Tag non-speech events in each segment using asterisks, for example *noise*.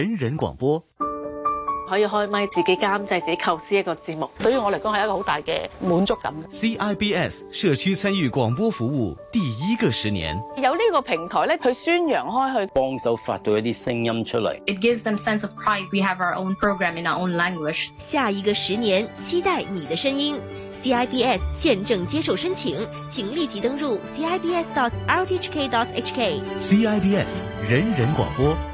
人人廣播，可以開咪，自己監製，自己構思一個節目，對於我嚟講係一個好大嘅滿足感。CIBS 社區參與廣播服務，第一個十年有呢個平台咧，宣揚開去，宣揚開，去幫手發到一啲聲音出嚟。It gives them sense of pride. We have our own program in our own language。下一個十年，期待你的聲音。CIBS 現正接受申請，請立即登入 cibs.rthk.hk。CIBS 人人廣播。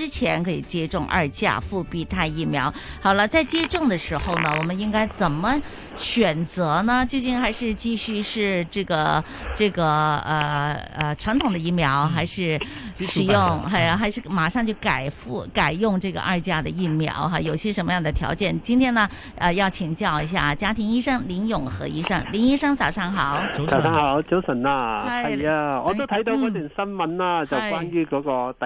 之前可以接種二價復必泰疫苗。好了，在接種的時候呢，我們應該怎麼選擇呢？究竟還是繼續是這個這個呃呃傳統的疫苗，還是使用還還是馬上就改复改用這個二價的疫苗哈、啊？有些什麼樣的條件？今天呢呃要請教一下家庭醫生林永和醫生。林醫生早上好。早上好，早晨啊。係啊，我都睇到嗰段新聞啦、啊嗯，就關於嗰個第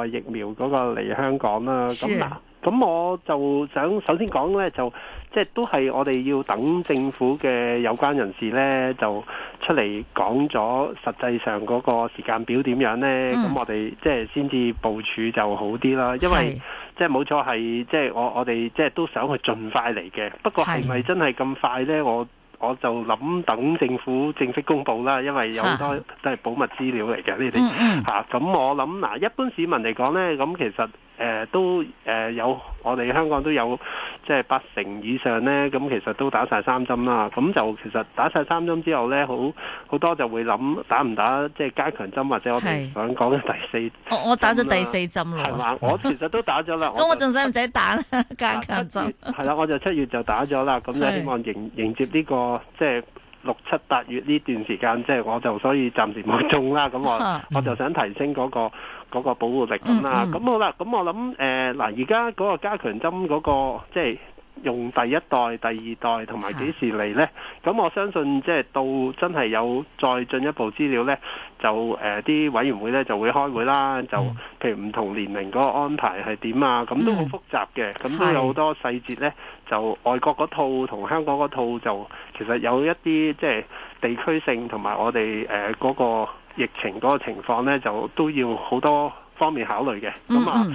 二代疫苗。嗰、那個嚟香港啦，咁嗱，咁我就想首先講呢，就即係都係我哋要等政府嘅有關人士呢，就出嚟講咗實際上嗰個時間表點樣呢。咁、嗯、我哋即係先至部署就好啲啦。因為即係冇錯係，即係我我哋即係都想去盡快嚟嘅。不過係咪真係咁快呢？我我就諗等政府正式公布啦，因為有好多都係保密資料嚟嘅呢啲嚇。咁我諗嗱，一般市民嚟講咧，咁其實。誒、呃、都誒、呃、有，我哋香港都有，即係八成以上呢。咁其實都打晒三針啦。咁就其實打晒三針之後呢，好好多就會諗打唔打，即係加強針或者我哋想講嘅第四針。我我打咗第四針啦。係嘛？我其實都打咗啦。咁 *laughs* 我仲使唔使打加強針？係啦、啊，我就七月就打咗啦。咁就，希望迎迎接呢、這個即係六七八月呢段時間，即 *laughs* 係我就所以暫時冇中啦。咁我 *laughs* 我就想提升嗰、那個。嗰、那個保護力咁啦，咁、嗯、好啦，咁我諗誒嗱，而家嗰個加強針嗰、那個即係用第一代、第二代同埋幾時嚟呢？咁我相信即係到真係有再進一步資料呢，就誒啲、呃、委員會呢就會開會啦，就、嗯、譬如唔同年齡嗰個安排係點啊？咁都好複雜嘅，咁、嗯、都有好多細節呢，就外國嗰套同香港嗰套就其實有一啲即係地區性同埋我哋誒嗰個。疫情嗰個情況呢，就都要好多方面考慮嘅。咁、嗯、啊，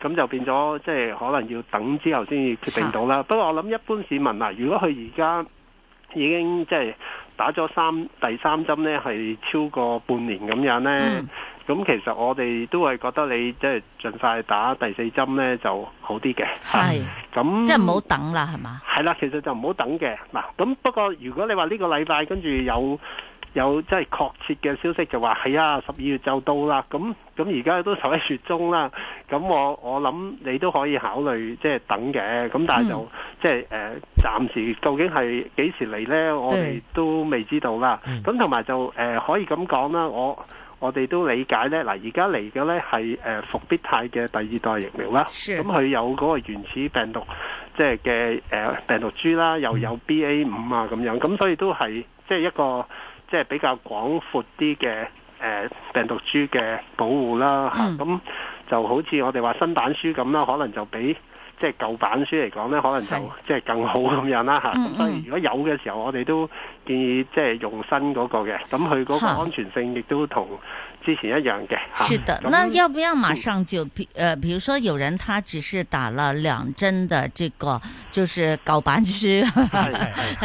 咁、嗯、就變咗即係可能要等之後先至決定到啦。啊、不過我諗一般市民啊，如果佢而家已經即係、就是、打咗三第三針呢，係超過半年咁樣呢，咁、嗯、其實我哋都係覺得你即係、就是、盡快打第四針呢就好啲嘅。係咁，即係唔好等啦，係嘛？係啦，其實就唔好等嘅嗱。咁不過如果你話呢個禮拜跟住有。有即係確切嘅消息就話係啊，十二月就到啦。咁咁而家都十喺月中啦。咁我我諗你都可以考慮即係等嘅。咁但係就、嗯、即係誒、呃、暫時究竟係幾時嚟呢？我哋都未知道啦。咁同埋就、呃、可以咁講啦。我我哋都理解呢。嗱，而家嚟嘅呢係誒伏必泰嘅第二代疫苗啦。咁佢有嗰個原始病毒即係嘅、呃、病毒株啦，又有 B A 五啊咁樣。咁所以都係即係一個。即係比較廣闊啲嘅誒病毒株嘅保護啦嚇，咁、嗯啊、就好似我哋話新版書咁啦，可能就比即係舊版書嚟講咧，可能就即係更好咁樣啦嚇。咁、嗯啊、當然，如果有嘅時候，我哋都建議即係用新嗰個嘅，咁佢嗰個安全性亦都同之前一樣嘅。是的、啊那嗯，那要不要馬上就誒？譬、呃、如說有人他只是打了兩針的這個就是舊版書，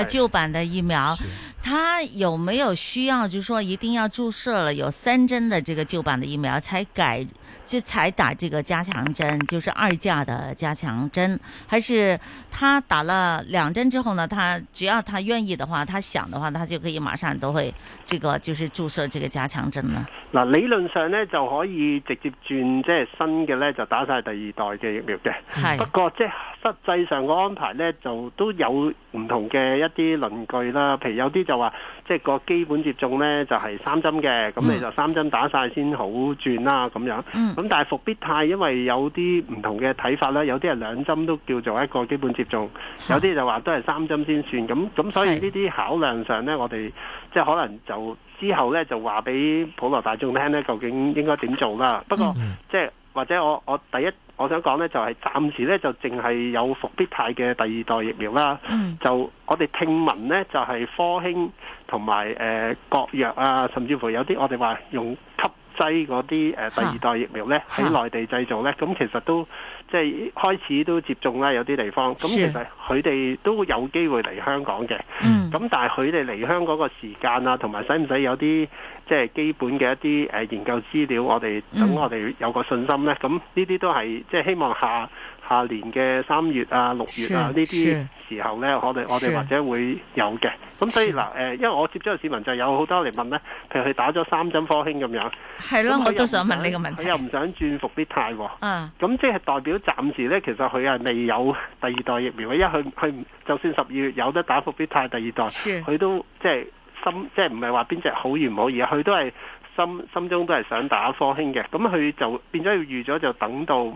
舊版的疫苗。他有沒有需要，就是說一定要注射了有三針的這個舊版的疫苗才改，就才打這個加強針，就是二價的加強針？還是他打了兩針之後呢？他只要他願意的話，他想的話，他就可以馬上都會這個就是注射這個加強針呢？嗱，理論上呢，就可以直接轉即係新嘅呢就打晒第二代嘅疫苗嘅，係，不過即係。實際上嘅安排呢，就都有唔同嘅一啲論據啦。譬如有啲就話，即係個基本接種呢，就係、是、三針嘅，咁你就三針打晒先好轉啦咁樣。咁但係復必泰，因為有啲唔同嘅睇法啦，有啲係兩針都叫做一個基本接種，有啲就話都係三針先算。咁咁所以呢啲考量上呢，我哋即係可能就之後呢，就話俾普羅大眾聽呢，究竟應該點做啦。不過即係、就是、或者我我第一。我想講呢，就係暫時呢，就淨係有復必泰嘅第二代疫苗啦。就我哋聽聞呢，就係科興同埋誒國藥啊，甚至乎有啲我哋話用吸。西嗰啲誒第二代疫苗咧，喺內地製造咧，咁其實都即係開始都接種啦，有啲地方。咁其實佢哋都有機會嚟香港嘅。嗯，咁但係佢哋嚟香港個時間啊，同埋使唔使有啲即係基本嘅一啲誒研究資料，我哋等我哋有個信心咧。咁呢啲都係即係希望下。下年嘅三月啊、六月啊呢啲時候呢，我哋我哋或者會有嘅。咁所以嗱誒，因為我接觸嘅市民就有好多嚟問呢，譬如佢打咗三針科興咁樣，係咯，我都想問呢個問題。佢又唔想，想轉復必泰喎、啊。咁、啊、即係代表暫時呢，其實佢係未有第二代疫苗。因為佢佢就算十二月有得打復必泰第二代，佢都即係心即係唔係話邊隻好與唔好，而係佢都係心心中都係想打科興嘅。咁佢就變咗要預咗就等到。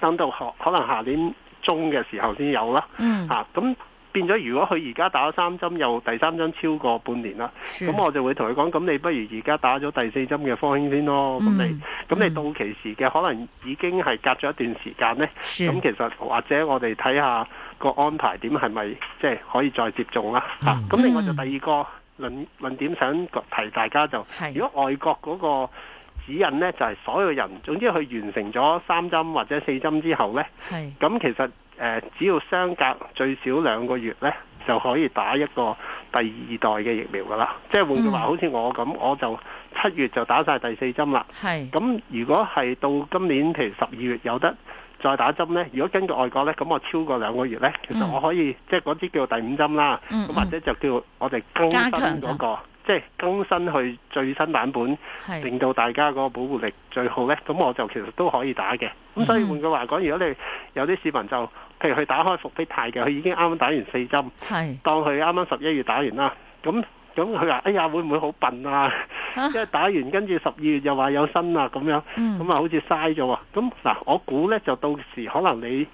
等到可能下年中嘅時候先有啦，嗯、啊咁變咗，如果佢而家打咗三針，又第三針超過半年啦，咁我就會同佢講，咁你不如而家打咗第四針嘅科興先咯，咁、嗯、你咁你到期時嘅、嗯、可能已經係隔咗一段時間呢。咁其實或者我哋睇下個安排點係咪即係可以再接種啦，咁、嗯啊、另外就第二個論論、嗯、點想提大家就，如果外國嗰、嗰個。指引呢就係、是、所有人，總之佢完成咗三針或者四針之後呢，咁其實誒、呃、只要相隔最少兩個月呢，就可以打一個第二代嘅疫苗㗎喇。即係換句話，好似我咁，我就七月就打晒第四針啦。咁如果係到今年譬如十二月有得再打針呢，如果根據外國呢，咁我超過兩個月呢，其實我可以、嗯、即係嗰啲叫做第五針啦，咁、嗯嗯、或者就叫我哋、那個、加強嗰個。即係更新去最新版本，令到大家個保護力最好呢。咁我就其實都可以打嘅。咁所以換句話講，如果你有啲市民就，譬如佢打開復必泰嘅，佢已經啱啱打完四針，當佢啱啱十一月打完啦。咁咁佢話：哎呀，會唔會好笨啊？即係 *laughs* 打完跟住十二月又話有新啊咁樣，咁、嗯、啊好似嘥咗喎。咁嗱，我估呢就到時可能你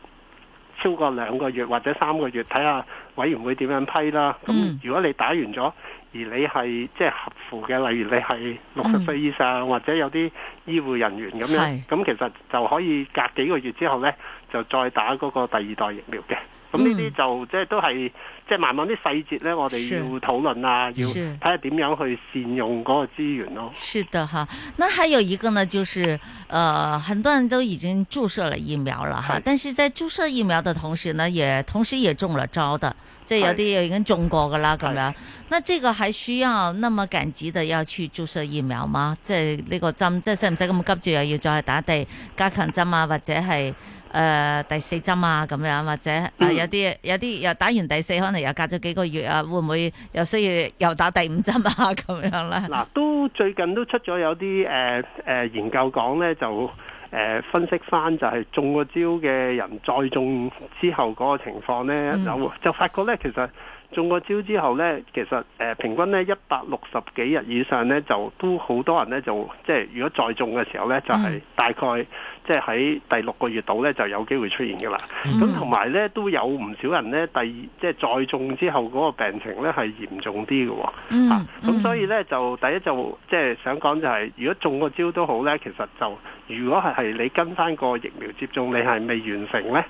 超過兩個月或者三個月睇下。委員會點樣批啦？咁如果你打完咗，而你係即係合乎嘅，例如你係六十歲以上，或者有啲醫護人員咁樣，咁其實就可以隔幾個月之後呢，就再打嗰個第二代疫苗嘅。咁呢啲就、嗯、即係都係即係慢慢啲細節咧，我哋要討論啊，要睇下點樣去善用嗰個資源咯。是的，吓，那還有一個呢，就是，誒、呃，很多人都已經注射了疫苗啦哈，但是在注射疫苗的同時呢，同時也同時也中了招的，即係有啲又已經中過噶啦咁樣。那這個還需要那麼趕急的要去注射疫苗嗎？即係呢個針，即係使唔使咁急住又要再打第加強針啊，或者係？誒、呃，第四針啊，咁樣或者、呃、有啲有啲又打完第四，可能又隔咗幾個月啊，會唔會又需要又打第五針啊？咁樣咧？嗱，都最近都出咗有啲誒誒研究講咧，就誒、呃、分析翻就係中過招嘅人再中之後嗰個情況咧，就、嗯、就發覺咧，其實中過招之後咧，其實誒、呃、平均咧一百六十幾日以上咧，就都好多人咧，就即係如果再中嘅時候咧，就係、是、大概。即係喺第六個月度咧就有機會出現嘅啦，咁同埋咧都有唔少人咧，第即係再中之後嗰個病情咧係嚴重啲嘅喎，咁、嗯嗯啊、所以咧就第一就係、即係想講就係、是，如果中個招都好咧，其實就如果係係你跟翻個疫苗接種你係未完成咧，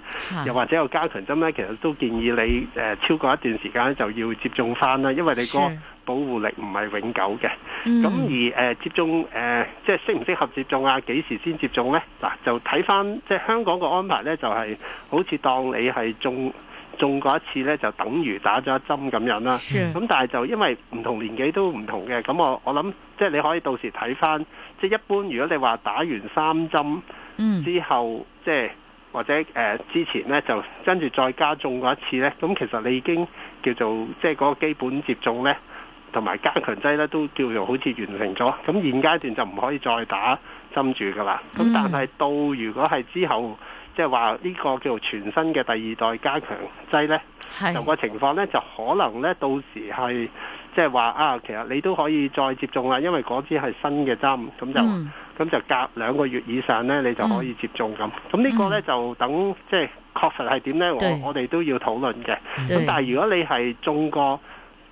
又或者有加強針咧，其實都建議你誒、呃、超過一段時間就要接種翻啦，因為你、個。保護力唔係永久嘅，咁、mm. 而、呃、接種、呃、即係適唔適合接種啊？幾時先接種呢？嗱，就睇翻即係香港個安排呢，就係、是、好似當你係中中過一次呢，就等於打咗一針咁樣啦。咁、sure. 但係就因為唔同年紀都唔同嘅，咁我我諗即係你可以到時睇翻，即係一般如果你話打完三針之後，mm. 即係或者、呃、之前呢，就跟住再加中過一次呢。咁其實你已經叫做即係嗰個基本接種呢。同埋加強劑咧，都叫做好似完成咗，咁現階段就唔可以再打針住㗎喇。咁、嗯、但係到如果係之後，即係話呢個叫做全新嘅第二代加強劑呢，就個情況呢，就可能呢到時係即係話啊，其實你都可以再接種啦，因為嗰支係新嘅針，咁就咁、嗯、就隔兩個月以上呢，你就可以接種咁。咁、嗯、呢個呢，就等即係、就是、確實係點呢？我我哋都要討論嘅。咁但係如果你係中過，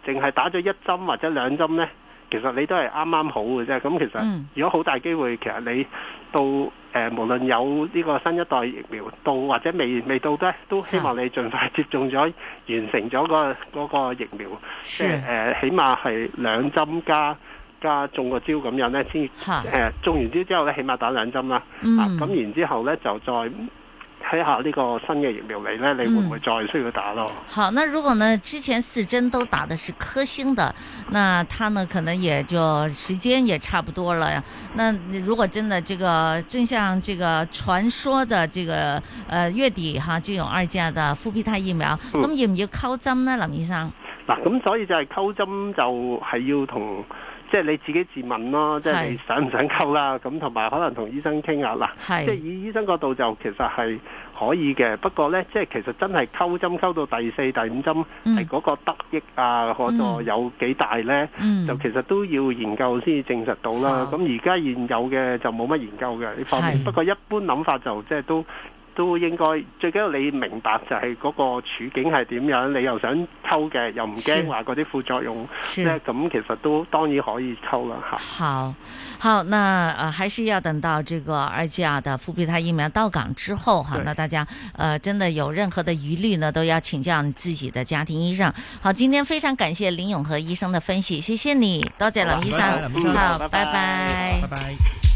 淨係打咗一針或者兩針呢？其實你都係啱啱好嘅啫。咁其實，如果好大機會，其實你到誒、呃、無論有呢個新一代疫苗到或者未未到咧，都希望你盡快接種咗，完成咗、嗰個、嗰個疫苗，即係、呃、起碼係兩針加加中個招咁樣呢，先誒、呃、中完招之後呢，起碼打兩針啦。咁、嗯啊、然之後、然之後呢，就再。睇下呢個新嘅疫苗嚟咧，你會唔會再需要打咯？嗯、好，那如果呢之前四針都打的是科星的，那他呢可能也就時間也差不多了。那如果真的這個正像這個傳說的這個，呃月底哈，就有二 G 的復必泰疫苗，咁要唔要抽針呢、嗯？林醫生嗱，咁、啊、所以就係抽針就係要同。即係你自己自問咯，即係想唔想溝啦？咁同埋可能同醫生傾下啦。即係以醫生角度就其實係可以嘅，不過呢，即係其實真係溝針溝到第四、第五針，係、嗯、嗰個得益啊，可度有幾大呢、嗯，就其實都要研究先至證實到啦。咁而家現有嘅就冇乜研究嘅你方面，不過一般諗法就即係都。都應該最緊要你明白就係嗰個處境係點樣，你又想抽嘅又唔驚話嗰啲副作用咧，咁其實都當然可以抽啦。好，好，那呃還是要等到這個二價的復必泰疫苗到港之後哈，那、啊、大家呃真的有任何的疑慮呢，都要請教你自己的家庭醫生。好，今天非常感謝林永和醫生的分析，謝謝你，多謝林醫生，好，謝謝嗯、好拜拜。拜拜拜拜。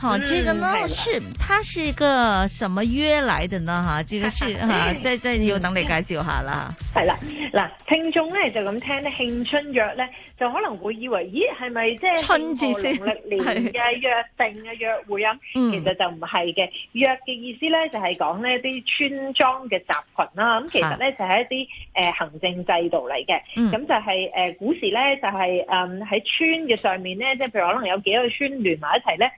好、啊，這個呢、嗯是，是，它是一個什麼約來的呢？哈、啊，這個是，哈、 *laughs* 啊，即係即係要等你介紹下啦。係啦，嗱，聽眾咧就咁聽咧，慶春約咧，就可能會以為，咦，係咪即係春字農曆年嘅約定嘅約會啊？其實就唔係嘅，約嘅意思咧就係講咧啲村莊嘅集群啦。咁其實咧就係、是、一啲誒、呃、行政制度嚟嘅。咁、嗯、就係、是、誒、呃、古時咧就係誒喺村嘅上面咧，即係譬如可能有幾個村連埋一齊咧。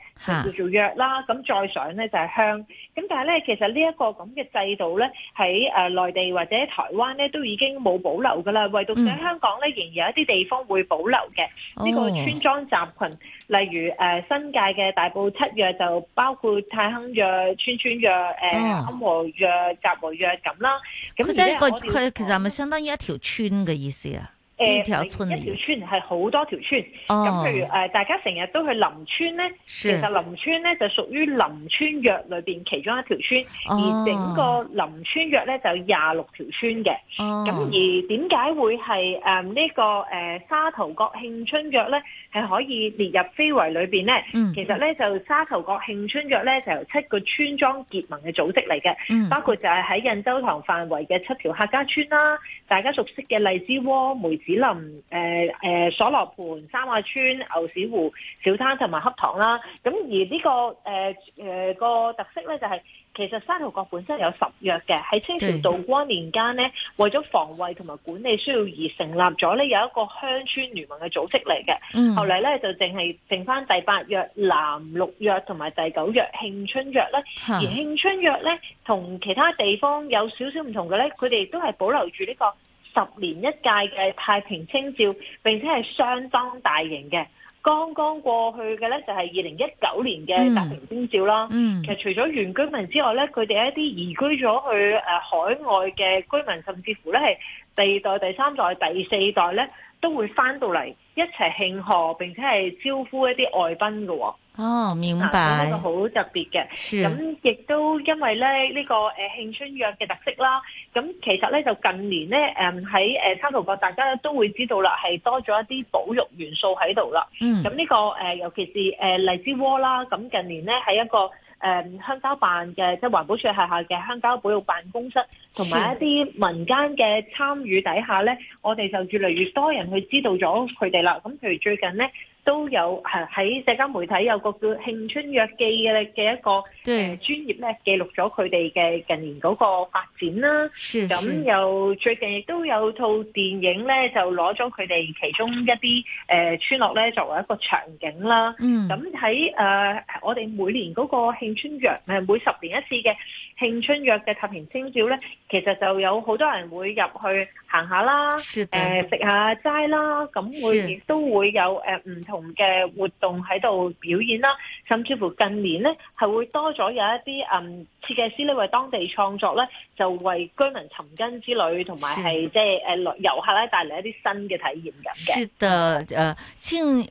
做約啦，咁再上咧就係鄉，咁但係咧其實呢一個咁嘅制度咧喺誒內地或者台灣咧都已經冇保留噶啦，唯獨喺香港咧仍然有一啲地方會保留嘅呢、嗯這個村莊集群，例如誒新界嘅大埔七約就包括泰亨約、村村約、誒、哦、翕和約、集和約咁啦。咁即係佢佢其實係咪相當於一條村嘅意思啊？呃、一條村，一條村係好多條村。咁、oh. 譬如、呃、大家成日都去林村咧，其實林村咧就屬於林村約裏面其中一條村。Oh. 而整個林村約咧就有廿六條村嘅。咁、oh. 而點解會係誒、嗯這個呃、呢個沙頭角慶村約慶春約咧係可以列入非遺裏面咧、嗯？其實咧就沙頭角慶春約咧就由七個村莊結盟嘅組織嚟嘅、嗯，包括就係喺印洲塘範圍嘅七條客家村啦、啊，大家熟悉嘅荔枝窩梅。毗鄰誒誒鎖羅盆、三椏村、牛屎湖、小灘同埋黑塘啦，咁而呢、這個誒誒個特色咧就係、是，其實沙頭角本身有十約嘅，喺清朝道光年間呢，為咗防衛同埋管理需要而成立咗呢有一個鄉村聯盟嘅組織嚟嘅。嗯，後嚟咧就淨係剩返第八約、南六約同埋第九約慶春約咧。而慶春約咧同其他地方有少少唔同嘅咧，佢哋都係保留住呢、這個。十年一屆嘅太平清照，並且係相當大型嘅。剛剛過去嘅呢，就係二零一九年嘅太平清照啦。嗯。其實除咗原居民之外呢，佢哋一啲移居咗去誒海外嘅居民，甚至乎呢係第二代、第三代、第四代呢，都會翻到嚟一齊慶賀，並且係招呼一啲外賓嘅。哦，明白。啊、個好特別嘅，咁亦、嗯、都因為咧呢、這個誒慶、呃、春約嘅特色啦。咁、嗯、其實咧就近年咧，誒喺誒沙頭角大家都會知道啦，係多咗一啲保育元素喺度、嗯嗯呃、啦。嗯，咁呢個誒尤其是誒荔枝窩啦。咁近年咧喺一個誒鄉郊辦嘅即係環保署轄下嘅鄉郊保育辦公室，同埋一啲民間嘅參與底下咧，我哋就越嚟越多人去知道咗佢哋啦。咁、嗯、譬如最近咧。都有喺、啊、社交媒體有個叫慶春約記嘅嘅一個誒專、呃、業咧，記錄咗佢哋嘅近年嗰個發展啦。咁又最近亦都有套電影咧，就攞咗佢哋其中一啲誒、呃、村落咧作為一個場景啦。咁喺誒我哋每年嗰個慶春約誒、呃、每十年一次嘅慶春約嘅太平清醮咧，其實就有好多人會入去行下啦，誒食、呃、下齋啦，咁會亦都會有誒唔、呃、同。嘅活動喺度表演啦，甚至乎近年咧係會多咗有一啲嗯設計師呢，為當地創作咧，就為居民尋根之旅同埋係即係誒遊客咧帶嚟一啲新嘅體驗咁嘅。是的，誒、呃、清。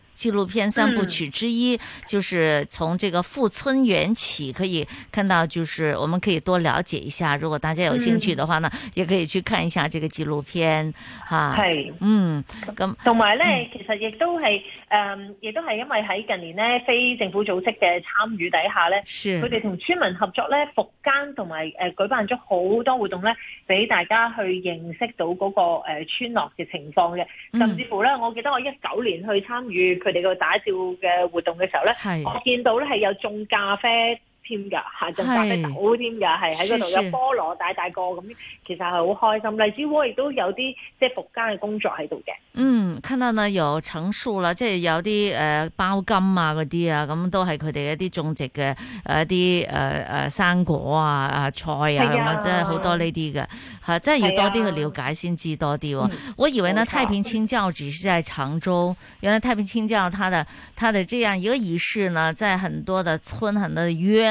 紀錄片三部曲之一，嗯、就是從這個富村緣起，可以看到，就是我們可以多了解一下。如果大家有興趣的話呢，也可以去看一下這個紀錄片，哈。係，嗯，咁同埋咧，其實亦都係，誒、嗯，亦都係因為喺近年咧，非政府組織嘅參與底下咧，佢哋同村民合作咧，復耕同埋誒舉辦咗好多活動咧，俾大家去認識到嗰個誒村落嘅情況嘅。甚至乎咧，我記得我一九年去參與佢你個打照嘅活動嘅時候咧，係我見到咧，係有種咖啡。添噶嚇，就摘啲豆添噶，係喺嗰度有菠蘿大大個咁，其實係好開心。荔枝窩亦都有啲即係復耕嘅工作喺度嘅。嗯，看到呢有橙樹啦，即有啲包、呃、金啊嗰啲、呃、啊，咁都係佢哋一啲種植嘅一啲誒生果啊菜啊，咁係好多呢啲嘅嚇，真係要多啲去了解先知多啲。啊、我以為呢、嗯、太平清醮只是在長洲，原來太平清醮它的它的這樣一個儀式呢，在很多的村很多的約。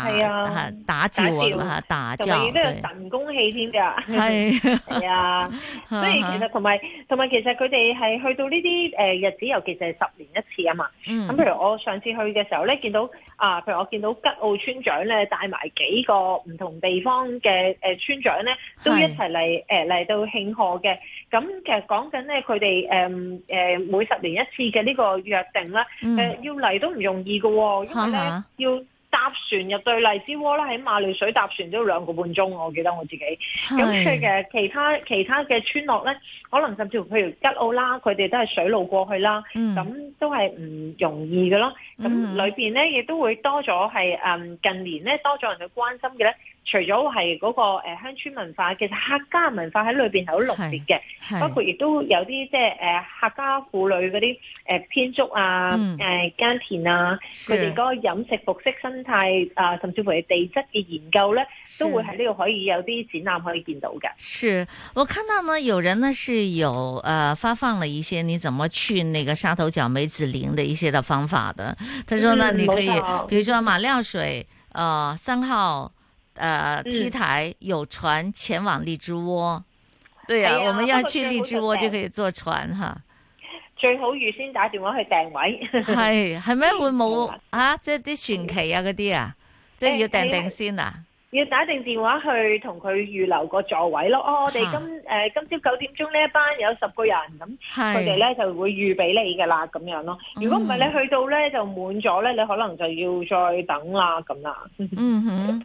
係啊，打醮啊，打醮，同埋都神功戲添㗎，係 *laughs* 啊，所以其實同埋同埋其實佢哋係去到呢啲誒日子，尤其是係十年一次啊嘛。咁、嗯、譬如我上次去嘅時候咧，見到啊，譬如我見到吉澳村長咧，帶埋幾個唔同地方嘅誒村長咧，都一齊嚟誒嚟到慶賀嘅。咁其實講緊咧，佢哋誒誒每十年一次嘅呢個約定啦，誒、嗯呃、要嚟都唔容易嘅喎、啊，因為咧要。 *laughs* 搭船入對荔枝窩啦，喺馬料水搭船都要兩個半鐘，我記得我自己。咁誒，其他其他嘅村落咧，可能甚至乎譬如吉澳啦，佢哋都係水路過去啦，咁、嗯、都係唔容易嘅咯。咁裏邊咧亦都會多咗係誒近年咧多咗人去關心嘅咧。除咗係嗰個誒鄉村文化，其實客家文化喺裏面係好濃烈嘅，包括亦都有啲即係客家婦女嗰啲誒編織啊、誒、嗯、耕、呃、田啊，佢哋嗰個飲食、服飾、生態啊、呃，甚至乎係地質嘅研究咧，都會喺呢度可以有啲展覽可以見到嘅。是，是我看到呢，有人呢是有誒、呃、發放了一些，你怎麼去那個沙頭角梅子林的一些的方法的。他說呢，嗯、你可以，比如說馬料水誒三、呃、號誒、呃、梯台有船前往荔枝窩，嗯，對啊，啊，我們要去荔枝窩就可以坐船哈。最好預先打電話去訂位。係係咩會冇啊？即係啲船期啊嗰啲啊，即、啊、係、啊嗯啊、要訂定先啊。要打定電話去同佢預留個座位咯。啊、哦，我哋今誒、呃、今朝九點鐘呢一班有十個人，咁佢哋咧就會預俾你噶啦，咁樣咯。如果唔係你去到咧就滿咗咧，你可能就要再等啦咁啦。嗯哼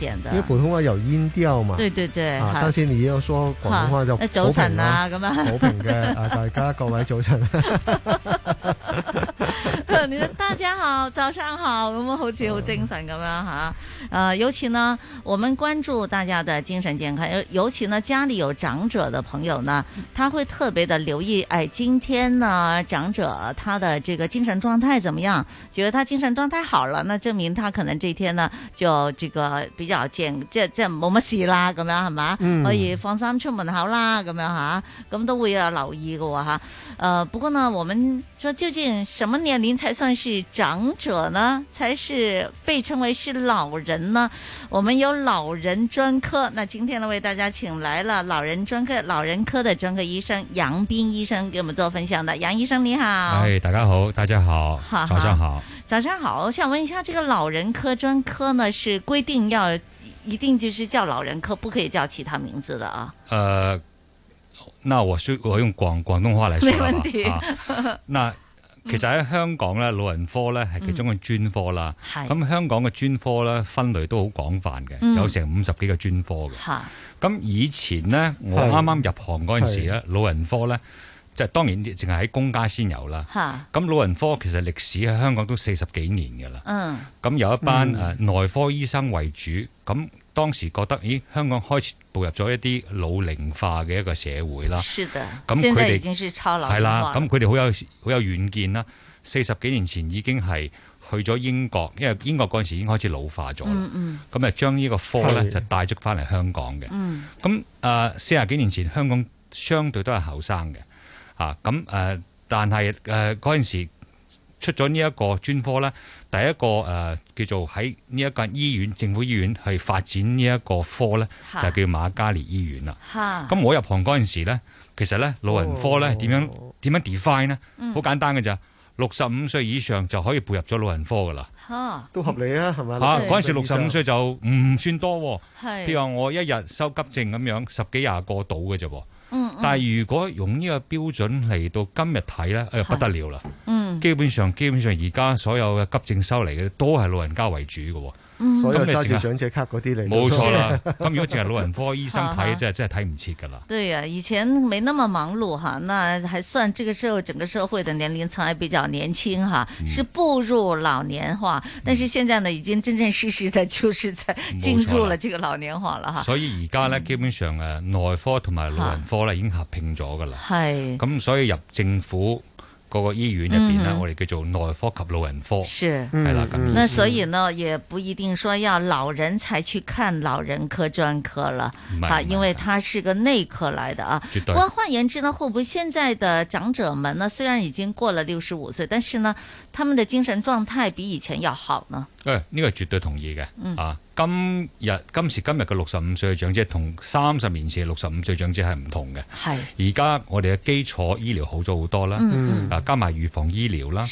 因為普通話有音調嘛，對對對。啊、但是你要說廣東話就普。早晨啊，咁樣。早平嘅啊，啊 *laughs* 大家各位早晨。你說大家好，早上好，咁 *laughs* 啊、嗯，好似好精神咁樣吓。呃、嗯，尤其呢，我們關注大家的精神健康，尤尤其呢，家裏有長者的朋友呢，他會特別的留意，哎，今天呢，長者他的這個精神狀態怎麼樣？覺得他精神狀態好了，那證明他可能這天呢，就這個。又正，即係即係冇乜事啦，咁樣係嘛，可以放心出門口啦，咁樣吓，咁、嗯嗯，都會有留意嘅吓。呃，不過呢，我們說究竟什麼年齡才算是長者呢？才是被稱為是老人呢？我們有老人專科，那今天呢，為大家請來了老人專科、老人科的專科醫生楊斌醫生，給我們做分享的。楊醫生你好，哎、hey, 大，大家好，大家好，早上好，好。早上好，我想問一下，這個老人科專科呢，是規定要一定就是叫老人科，不可以叫其他名字的啊？呃，那我說，我用廣廣東話來說嘛。冇問題 *laughs* 啊。那其實喺香港呢、嗯，老人科呢係其中嘅專科啦。咁、嗯、香港嘅專科呢，分類都好廣泛嘅、嗯，有成五十幾個專科嘅。係、嗯。咁 *laughs* 以前呢，我啱啱入行嗰陣時咧，老人科呢。即係當然，淨係喺公家先有啦。咁老人科其實歷史喺香港都四十幾年嘅啦。咁、嗯、有一班誒、呃嗯、內科醫生為主，咁當時覺得咦，香港開始步入咗一啲老齡化嘅一個社會啦。咁佢哋已係啦，咁佢哋好有好有遠見啦。四十幾年前已經係去咗英國，因為英國嗰陣時已經開始老化咗。咁、嗯、啊，嗯、就將呢個科咧就帶咗返嚟香港嘅。咁、嗯、誒、呃，四十幾年前香港相對都係後生嘅。啊，咁誒，但係誒嗰陣時出咗呢一個專科咧，第一個誒、呃、叫做喺呢一間醫院政府醫院去發展呢一個科咧，就叫瑪嘉烈醫院啦。嚇！咁我入行嗰陣時咧，其實咧老人科咧點樣點、哦、樣 define 咧？好、嗯、簡單嘅咋，六十五歲以上就可以步入咗老人科噶啦。嚇！都合理啊，係嘛？嚇！嗰陣時六十五歲就唔算多喎。譬如話，我一日收急症咁樣十幾廿個到嘅啫。嗯嗯、但係如果用呢個標準嚟到今日睇咧，誒、呃、不得了啦！嗯，基本上基本上而家所有嘅急症收嚟嘅都係老人家為主㗎。所以揸住長者卡嗰啲嚟，冇錯啦。咁如果淨係老人科 *laughs* 醫生睇，真係真係睇唔切噶啦。 *laughs* 對啊，以前未那麼忙碌吓，那還算。這個時候整個社會嘅年齡層還比較年輕哈，嗯、是步入老年化、嗯。但是現在呢，已經真真實實的就是在進入了這個老年化啦。所以而家呢、嗯，基本上誒，內科同埋老人科呢、啊、已經合併咗噶啦。係。咁所以入政府。嗰個醫院入邊咧，我哋叫做內科及老人科，係啦咁。那所以呢，也不一定說要老人才去看老人科專科了，嗯、啊，因為他是個內科來的啊。絕對。不過換言之呢，會不會現在的長者們呢，雖然已經過了六十五歲，但是呢，他們的精神狀態比以前要好呢？呢、哎、個絕對同意嘅。啊，今日今時今日嘅六十五歲嘅長者同三十年前嘅六十五歲長者係唔同嘅，係而家我哋嘅基礎醫療好咗好多啦，啊、嗯、加埋預防醫療啦，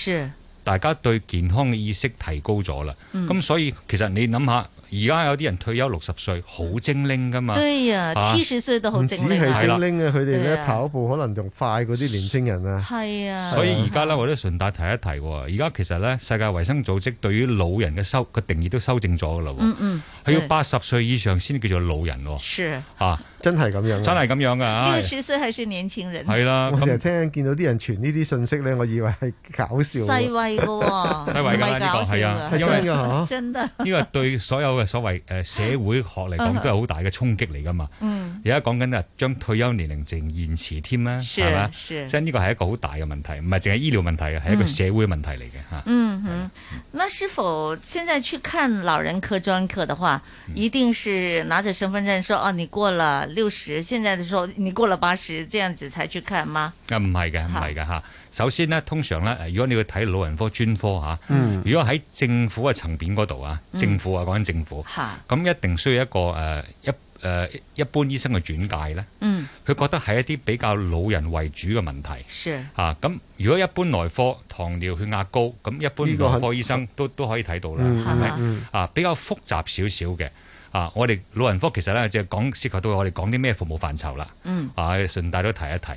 大家對健康嘅意識提高咗啦，咁、嗯、所以其實你諗下。而家有啲人退休六十歲好精靈噶嘛？對呀、啊，七十歲都好精靈。唔止係精靈啊，佢哋咧跑步可能仲快過啲年青人啊。係啊。所以而家咧，我都順帶提一提，而家其實咧，世界衛生組織對於老人嘅定義都修正咗噶啦。嗯嗯。佢要八十歲以上先叫做老人。是。啊真係咁樣的，真係咁樣噶。呢、啊這個十歲還是年輕人。係啦、啊，我成日聽見到啲人傳呢啲信息咧，我以為係搞笑的。世衛噶，世衛噶，唔係搞笑，的、這個搞笑的這個啊，真噶、啊，真噶。呢 *laughs* 個對所有嘅所謂誒社會學嚟講，都係好大嘅衝擊嚟噶嘛。嗯。而家講緊啊，將退休年齡仲延遲添啦，係嘛？是。真呢個係一個好大嘅問題，唔係淨係醫療問題啊，係、嗯、一個社會問題嚟嘅吓。嗯哼、嗯，那是否現在去看老人科專科的話，一定是拿着身份證說哦，你過了？六十，現在的時候你過了八十，這樣子才去看嗎？啊，唔係嘅，唔係嘅吓。首先呢，通常咧，如果你去睇老人科專科吓，嗯，如果喺政府嘅層面嗰度啊，政府啊講緊政府，吓、嗯，咁一定需要一個誒、呃、一誒、呃、一般醫生嘅轉介咧，嗯，佢覺得係一啲比較老人為主嘅問題，是啊，咁如果一般內科糖尿血壓高，咁一般內科醫生都、這個、都、都可以睇到啦，係、嗯、咪、嗯？啊，比較複雜少少嘅。啊！我哋老人科其實咧，即係講涉及到我哋講啲咩服務範疇啦。嗯。啊，順帶都提一提。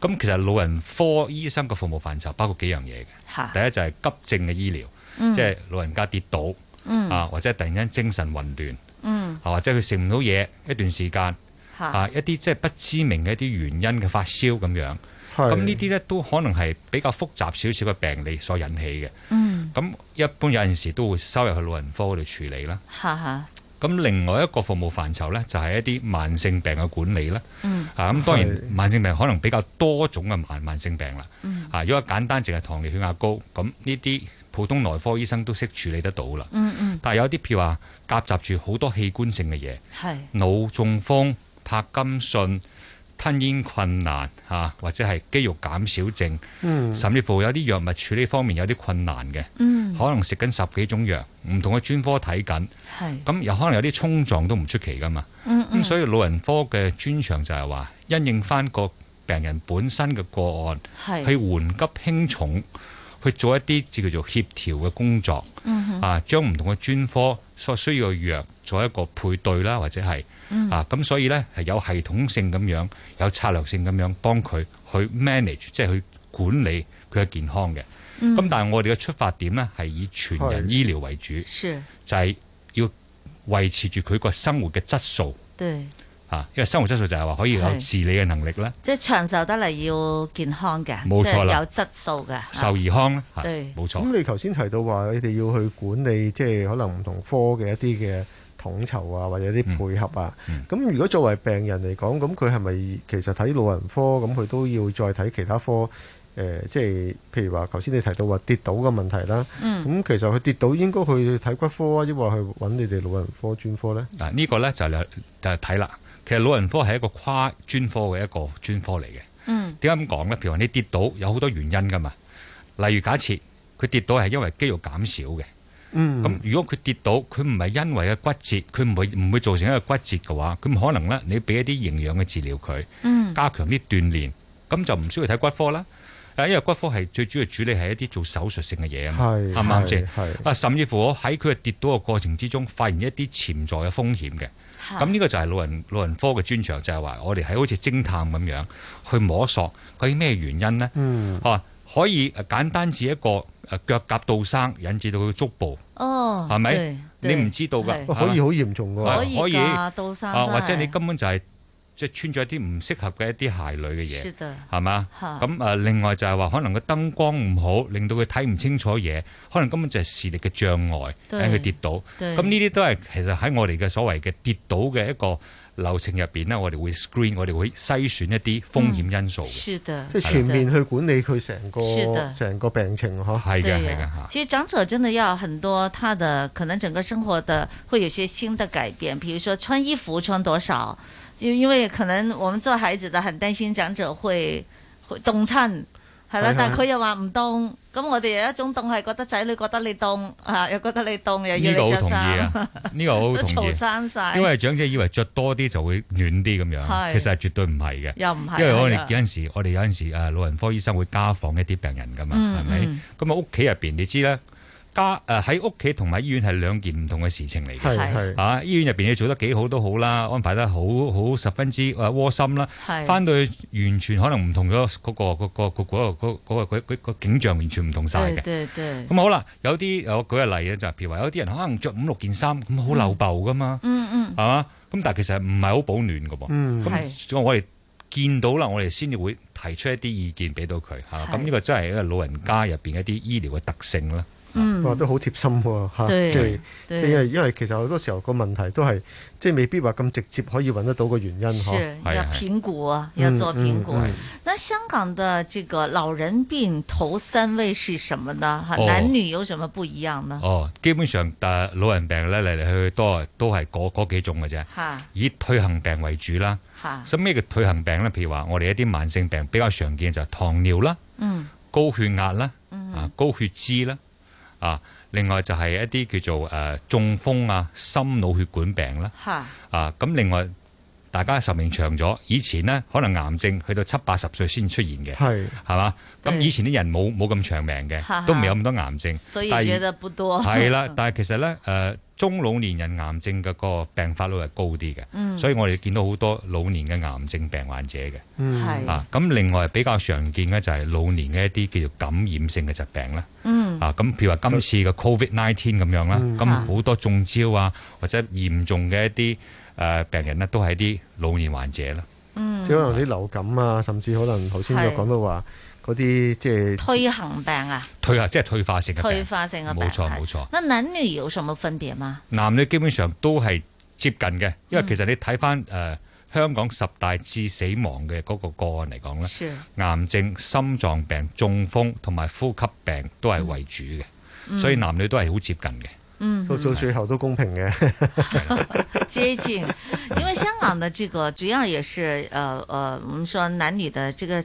咁其實老人科醫生嘅服務範疇包括幾樣嘢嘅。第一就係急症嘅醫療，嗯、即係老人家跌倒，嗯、啊或者突然間精神混亂，嗯、啊或者佢食唔到嘢一段時間，啊一啲即係不知名嘅一啲原因嘅發燒咁樣。係。咁呢啲咧都可能係比較複雜少少嘅病理所引起嘅。嗯。咁一般有陣時都會收入去老人科嗰度處理啦。嚇。咁另外一個服務範疇咧，就係、是、一啲慢性病嘅管理啦。嗯。啊，咁當然慢性病可能比較多種嘅慢慢性病啦。嗯。啊，如果簡單淨係糖尿血壓高，咁呢啲普通內科醫生都識處理得到啦。嗯嗯。但係有啲譬如話，夾雜住好多器官性嘅嘢。係。腦中風、柏金遜。吞咽困難吓，或者係肌肉減少症，嗯、甚至乎有啲藥物處理方面有啲困難嘅、嗯，可能食緊十幾種藥，唔同嘅專科睇緊，咁有可能有啲衝撞都唔出奇㗎嘛。咁、嗯嗯、所以老人科嘅專長就係話，因應返個病人本身嘅個案，去緩急輕重，去做一啲叫做協調嘅工作、嗯，啊，將唔同嘅專科所需要嘅藥做一個配對啦，或者係。嗯、啊，咁所以咧，係有系統性咁樣，有策略性咁樣幫佢去 manage，即係去管理佢嘅健康嘅。咁、嗯、但係我哋嘅出發點咧，係以全人醫療為主，是就係、是、要維持住佢個生活嘅質素。對，啊，因為生活質素就係話可以有自理嘅能力啦。即係長壽得嚟要健康嘅，冇錯啦，就是、有質素嘅壽而康啦，冇錯。咁你頭先提到話，你哋要去管理，即係可能唔同科嘅一啲嘅。統籌啊，或者啲配合啊，咁、嗯嗯、如果作為病人嚟講，咁佢係咪其實睇老人科，咁佢都要再睇其他科？誒、呃，即係譬如話，頭先你提到話跌倒嘅問題啦、啊，咁、嗯、其實佢跌倒應該去睇骨科啊，抑或去揾你哋老人科專科咧？嗱、這個，呢個咧就係就係睇啦。其實老人科係一個跨專科嘅一個專科嚟嘅。點解咁講咧？譬如話你跌倒有好多原因㗎嘛，例如假設佢跌倒係因為肌肉減少嘅。嗯，咁如果佢跌倒，佢唔係因為嘅骨折，佢唔會唔會造成一個骨折嘅話，佢可能咧，你俾一啲營養嘅治療佢，加強啲鍛煉，咁就唔需要睇骨科啦。誒，因為骨科係最主要處理係一啲做手術性嘅嘢啊，係啱唔啱先？係啊，甚至乎喺佢跌倒嘅過程之中，發現一啲潛在嘅風險嘅。咁呢個就係老人老人科嘅專長，就係、是、話我哋係好似偵探咁樣去摸索佢咩原因咧。嗯，吓、啊。可以簡單至一個腳甲倒生，引致到佢嘅足部。哦，係咪？你唔知道噶，可以好嚴重喎。可以甲倒生，或者你根本就係即係穿咗一啲唔適合嘅一啲鞋類嘅嘢，係嘛？咁誒，另外就係話可能個燈光唔好，令到佢睇唔清楚嘢，可能根本就係視力嘅障礙，等佢跌倒。咁呢啲都係其實喺我哋嘅所謂嘅跌倒嘅一個。流程入邊呢，我哋會 screen，我哋會篩選一啲風險因素嘅，係嘅。即係全面去管理佢成個成個病情，嚇係嘅。其實長者真的要很多，他的可能整個生活的會有些新的改變，譬如說穿衣服穿多少，就因為可能我們做孩子的很擔心長者會會凍親，係啦，但佢又話唔凍。我哋有一種凍係覺得仔女覺得你凍又覺得你凍，又要著衫。呢、呢個好同意啊！呢 *laughs* 個好同意。都因為長者以為著多啲就會暖啲咁樣，其實係絕對唔係嘅。因為我哋有陣時，我哋有陣時，有時老人科醫生會家訪一啲病人㗎嘛，係、嗯、咪？咁啊，屋企入邊你知啦。家誒喺屋企同埋喺醫院係兩件唔同嘅事情嚟嘅，係係、啊、醫院入邊你做得幾好都好啦，安排得好好十分之誒窩心啦，翻到去完全可能唔同咗嗰、嗰個嗰個嗰嗰、嗰個個景象完全唔同晒嘅。咁好啦，有啲我舉個例咧，就譬如話有啲人可能着五六件衫，咁好漏蕩噶嘛，嗯，係嘛？咁、嗯、但係其實唔係好保暖嘅喎，咁、嗯、我哋見到啦，我哋先至會提出一啲意見俾到佢嚇。咁、啊、呢個真係一個老人家入邊一啲醫療嘅特性啦。嗯，都好貼心喎、啊、嚇，即係即係，因為其實好多時候個問題都係即係未必話咁直接可以揾得到個原因嗬。要評估，要做評估、嗯。那香港嘅這個老人病頭三位是什麼呢、哦？男女有什麼不一樣呢？哦，基本上誒老人病咧嚟嚟去去都係嗰嗰幾種嘅啫，以退行病為主啦。嚇，咩叫退行病咧？譬如話我哋一啲慢性病比較常見就係糖尿啦，嗯，高血壓啦，啊、嗯、高血脂啦。啊！另外就係一啲叫做誒、呃、中風啊、心腦血管病啦、啊。係。啊！咁、嗯、另外，大家壽命長咗，以前咧可能癌症去到七八十歲先出現嘅。係。係嘛？咁以前啲人冇冇咁長命嘅， *laughs* 都未有咁多癌症。 *laughs* 所以覺得不多。係 *laughs* 啦，但係其實咧誒。呃中老年人癌症嘅個病發率係高啲嘅，嗯，所以我哋見到好多老年嘅癌症病患者嘅。係、嗯、啊，咁另外比較常見嘅就係老年嘅一啲叫做感染性嘅疾病啦、嗯。啊，咁譬如話今次嘅 Covid nineteen 咁樣啦、咁、嗯、好、啊、多中招啊或者嚴重嘅一啲誒、呃、病人呢，都係啲老年患者啦、嗯嗯啊。即可能啲流感啊，甚至可能頭先又講到話。嗰啲即係退行病啊？退啊，即係退化性嘅。退化性嘅病。冇錯，冇錯。那男女有什麼分別嗎？男女基本上都係接近嘅、嗯，因為其實你睇翻誒香港十大致死亡嘅嗰個個案嚟講咧，癌症、心臟病、中風同埋呼吸病都係為主嘅、嗯，所以男女都係好接近嘅。嗯。到到最後都公平嘅。之前 *laughs* 因為香港嘅這個主要也是，誒、呃、誒、呃，我們說男女的這個。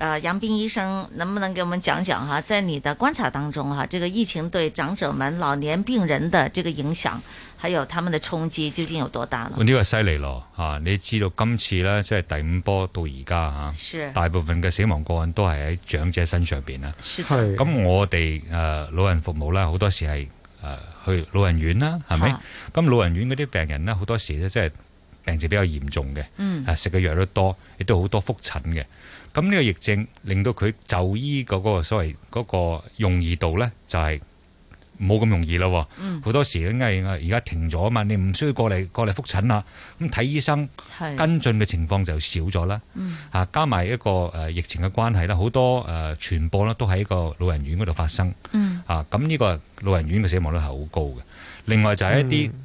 誒、呃，楊斌醫生，能不能給我們講講哈、啊，在你的觀察當中，哈、啊，這個疫情對長者們、老年病人的這個影響，還有他們的衝擊究竟有多大呢？呢、這個犀利咯，吓、啊，你知道今次呢，即係第五波到而家吓，大部分嘅死亡個案都係喺長者身上邊啦，咁，我哋誒、呃、老人服務啦，好多時係誒、呃、去老人院啦，係咪？咁老人院嗰啲病人呢，好多時呢，即係病情比較嚴重嘅，嗯，啊、食嘅藥都多，亦都好多復診嘅。咁、這、呢個疫症令到佢就醫嗰個所謂嗰個容易度咧，就係冇咁容易咯。好、嗯、多時因為而家停咗啊嘛，你唔需要過嚟過嚟復診啦。咁睇醫生跟進嘅情況就少咗啦。啊、嗯，加埋一個誒、呃、疫情嘅關係呢，好多誒、呃、傳播咧都喺個老人院嗰度發生。嗯、啊、咁、這、呢個老人院嘅死亡率係好高嘅。另外就係一啲。嗯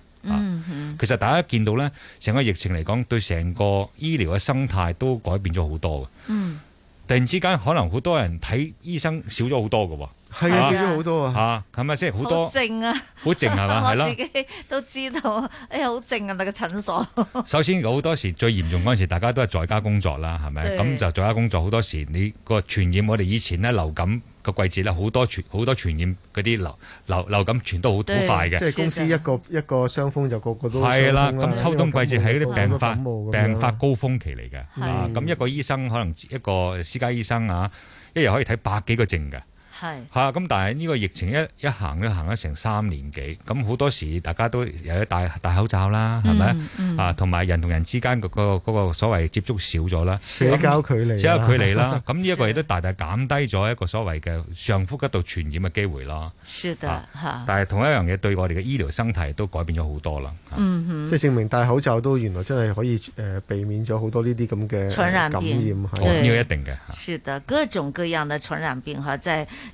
啊、嗯，其實大家見到咧，成個疫情嚟講，對成個醫療嘅生態都改變咗好多嘅。嗯，突然之間可能好多人睇醫生少咗好多嘅，係少咗好多啊，係咪即係？好多靜啊，好靜係嘛？係咯， *laughs* 自己都知道，哎呀，好靜啊，這個診所。 *laughs* 首先好多時最嚴重嗰陣時，大家都係在家工作啦，係咪？咁就在家工作好多時，你個傳染，我哋以前咧流感。個季節咧，好多傳好多傳染嗰啲流流流感傳得好好快嘅。即係公司一個的一個傷風就個個都係啦。咁秋冬季節係啲病發病發高峰期嚟嘅。的啊，咁一個醫生可能一個私家醫生啊，一日可以睇百幾個症㗎。係嚇咁，但係呢個疫情一一行咧行，行咗成三年幾，咁好多時大家都又有戴戴口罩啦，係、嗯、咪、嗯、啊？同埋人同人之間嘅、嗰個、嗰個所謂接觸少咗啦，社、嗯、交距離、啊，社、嗯、交距離啦。咁呢一個亦都大大減低咗一個所謂嘅上呼吸道傳染嘅機會啦。是的、啊、是的，但係同一樣嘢對我哋嘅醫療生態都改變咗好多啦。即、嗯、係證明戴口罩都原來真係可以、呃、避免咗好多呢啲咁嘅感染係要、哦呢個、一定嘅、啊。各種各樣嘅傳染病嚇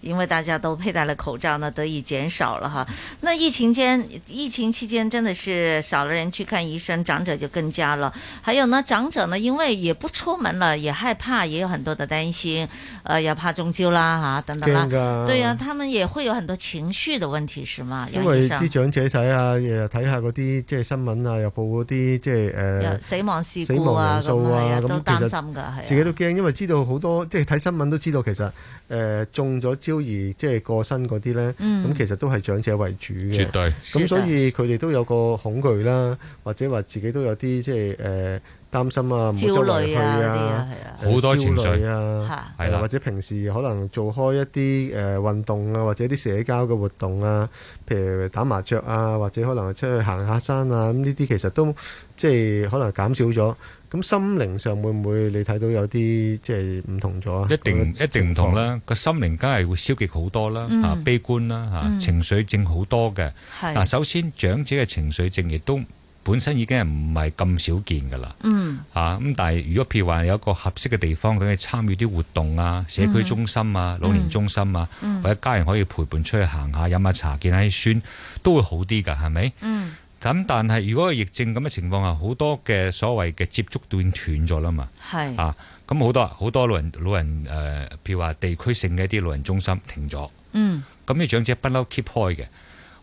因為大家都佩戴了口罩呢，得以減少了哈。那疫情間，疫情期間真的是少了人去看醫生，長者就更加了。還有呢，長者呢，因為也不出門了，也害怕，也有很多的擔心，呃，也怕中招啦，哈，等等啦，對呀、啊，他們也會有很多情緒的問題，是嗎？因為啲長者睇啊，日日睇下嗰啲即係新聞啊，又報嗰啲即係誒死亡事故啊，咁、啊啊、都擔心噶，係自己都驚，因為知道好多即係睇新聞都知道，其實。誒、呃、中咗招而即係過身嗰啲咧，咁、嗯、其實都係長者為主嘅，咁對所以佢哋都有個恐懼啦，或者話自己都有啲即係誒擔心啊、焦慮啊啲啊，好多情緒啊，係啦、啊，或者平時可能做開一啲誒、呃、運動啊，或者啲社交嘅活動啊，譬如打麻雀啊，或者可能出去行下山啊，咁呢啲其實都即係可能減少咗。咁心靈上會唔會你睇到有啲即係唔同咗？一定、那個、一定唔同啦，個心靈梗係會消極好多啦、嗯，悲觀啦，吓、嗯、情緒症好多嘅、嗯。首先長者嘅情緒症亦都本身已經係唔係咁少見噶啦。嗯。咁、啊、但係如果譬如話有一個合適嘅地方，等你參與啲活動啊，社區中心啊、嗯，老年中心啊、嗯，或者家人可以陪伴出去行下，飲下茶，見下啲孫，都會好啲噶，係咪？嗯。咁但係如果個疫症咁嘅情況下，好多嘅所謂嘅接觸斷斷咗啦嘛，係，啊，咁好多好多老人老人誒、呃，譬如話地區性嘅一啲老人中心停咗，咁、嗯、啲長者不嬲 keep 開嘅。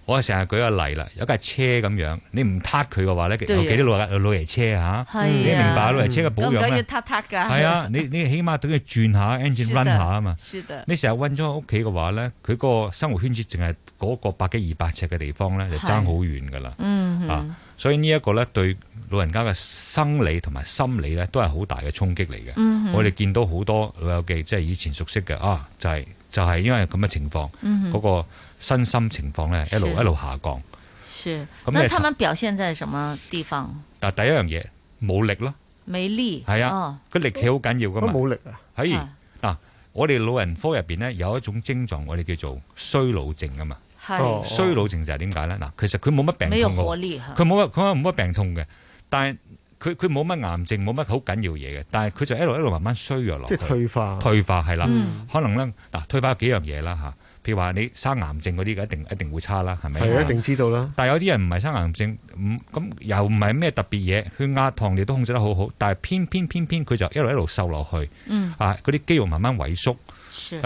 我成日舉個例啦，有架車咁樣，你唔撻佢嘅話咧，有幾多老人家老爺車吓、啊啊啊？你明白老爺車嘅保養？咁、嗯、梗要撻撻噶。係啊，你你起碼等佢轉下 *laughs* ，engine run 下啊嘛。的的你成日溫咗屋企嘅話咧，佢個生活圈子淨係嗰個百幾二百尺嘅地方咧，就爭好遠噶啦。啊，嗯、所以呢一個咧，對老人家嘅生理同埋心理咧，都係好大嘅衝擊嚟嘅。我哋見到好多老友記，即係以前熟悉嘅啊，就係、是、就係、是、因為咁嘅情況，嗯那個。身心情況咧，一路一路下降，是咁。那他們表現在什麼地方？嗱，第一樣嘢冇力咯，沒力係啊，個、哦、力氣好緊要噶嘛。都冇力啊。喺嗱，我哋老人科入邊咧，有一種症狀，我哋叫做衰老症噶嘛。係衰老症就係點解咧？嗱，其實佢冇乜病，佢冇佢冇乜病痛嘅，但係佢佢冇乜癌症，冇乜好緊要嘢嘅，但係佢就一路一路慢慢衰弱落，即係退化，退化係啦、啊嗯。可能咧嗱，退化幾樣嘢啦吓。譬如話你生癌症嗰啲一定一定會差啦，係咪？係一定知道啦。但係有啲人唔係生癌症，咁咁又唔係咩特別嘢，血壓、糖尿都控制得好好，但係偏偏偏偏佢就一路一路瘦落去，嗯，啊，嗰啲肌肉慢慢萎縮，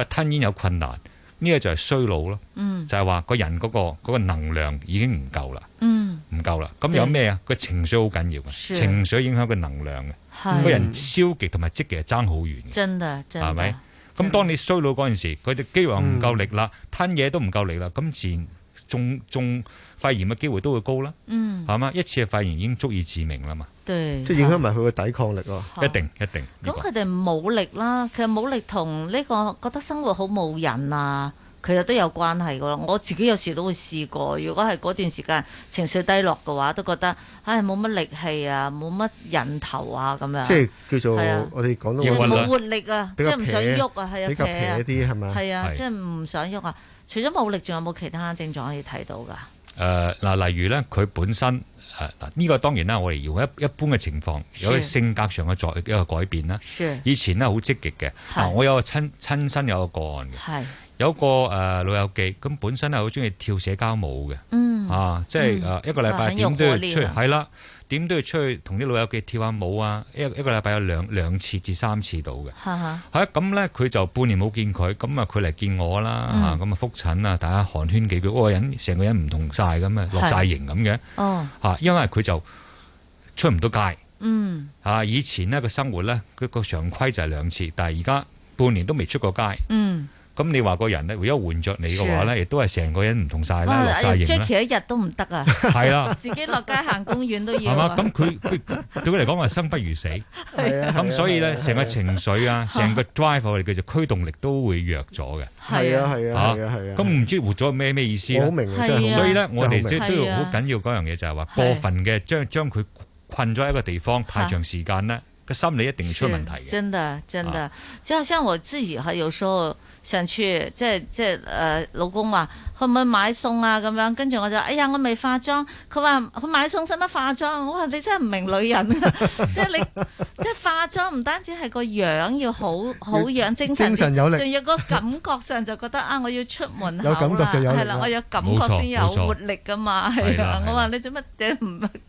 吞嚥有困難，呢、這個就係衰老咯，嗯，就係、是、話、那個人嗰個個能量已經唔夠啦，唔、嗯、夠啦。咁有咩啊？個情緒好緊要嘅，情緒影響個能量嘅，個、嗯、人消極同埋積極係爭好遠嘅，係咪？真咁、嗯、當你衰老嗰陣時，佢哋機會唔夠力啦，嗯、吞嘢都唔夠力啦，咁自然中中肺炎嘅機會都會高啦。嗯，係嘛？一次嘅肺炎已經足以致命啦嘛。對，即係影響埋佢個抵抗力喎、啊是是。一定一定。咁佢哋冇力啦，其實冇力同呢個覺得生活好冇癮啊。其實都有關係嘅咯，我自己有時都會試過。如果係嗰段時間情緒低落嘅話，都覺得唉冇乜力氣啊，冇乜人頭啊咁樣。即係叫做係、啊、我哋講到冇、就係、活力啊，即係唔想喐啊，係啊，比較平啲係咪？係啊，即係唔想喐啊。除咗冇力，仲有冇其他症狀可以睇到㗎？誒、呃、嗱，例如咧，佢本身誒呢、呃呢個當然啦，我哋用一一般嘅情況，有啲性格上嘅作有一個改變啦。以前咧好積極嘅，我有個親親身有一個,個,個案嘅。係。有個誒、呃、老友記，咁本身係好中意跳社交舞嘅、嗯，啊，即係誒一個禮拜點都要出，係、嗯、啦，點都要出去同啲、啊、老友記跳下舞啊！一一個禮拜有兩兩次至三次度嘅，嚇係咁咧，佢、啊、就半年冇見佢，咁啊佢嚟見我啦，嚇、嗯、咁啊覆診啊，大家寒暄幾句，嗰、哦、個人成個人唔同晒咁啊，落晒型咁嘅，哦，嚇、啊，因為佢就出唔到街，嗯，嚇、啊、以前呢個生活咧，佢個常規就係兩次，但係而家半年都未出過街，嗯。咁你話個人咧，如果換着你嘅話咧，亦都係成個人唔同晒啦，落晒型啦。追一日都唔得啊！係啦，自己落街行公園都要啊。 *laughs* 咁 *laughs* 佢對佢嚟講係生不如死。係啊。咁所以咧，成個情緒個啊，成個 drive 我哋叫做驅動力都會弱咗嘅。係啊係啊。嚇係啊。咁唔知活咗咩咩意思咧？我好明，所以咧，我哋即係都要好緊要嗰樣嘢就係、是、話過分嘅將將佢困咗喺一個地方、啊、太長時間咧。個心理一定出問題嘅，真的真的，即係、啊、像我自己哈，有時候想去即係即係誒、呃，老公話可唔可以買餸啊咁樣，跟住我就哎呀，我未化妝。佢話佢買餸使乜化妝？我話你真係唔明女人 *laughs* 即，即係你即係化妝唔單止係個樣要好好樣 *laughs* 精神，精神有力，仲要個感覺上就覺得啊，我要出門口啊嘛，係 *laughs* 啦，我有感覺先有活力噶嘛，係啊，我話你做乜嘢唔？ *laughs* *laughs*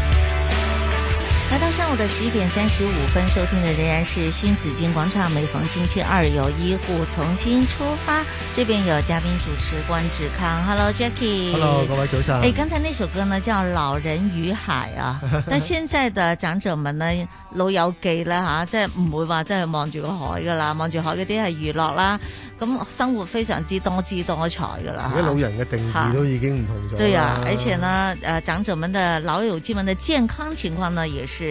到上午的十一點三十五分，收聽的仍然是新紫荊廣場。每逢星期二有醫護重新出發，這邊有嘉賓主持關志康。Hello，Jackie。Hello，各位早上。誒、哎，剛才那首歌呢叫《老人與海》啊。 *laughs* 但現在的長者們呢，老友記啦，哈、啊，即係唔會話真係望住個海噶啦，望住海啲係娛樂啦。咁生活非常之多姿多彩噶啦。而家、啊、老人嘅定義都已經唔同咗、啊。對啊，而且呢，誒、啊，長者們的老友記們的健康情況呢，也是。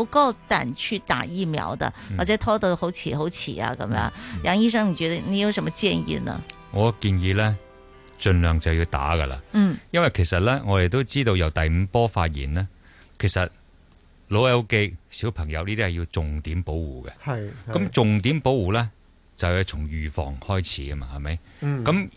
好夠膽去打疫苗的，嗯、或者拖到好遲好遲啊咁樣。楊、嗯、醫生，你覺得你有什麼建議呢？我建議呢，盡量就要打㗎喇。嗯，因為其實呢，我哋都知道由第五波發現呢，其實老友記小朋友呢啲係要重點保護嘅。係。咁重點保護呢，就係從預防開始啊嘛，係咪？嗯。咁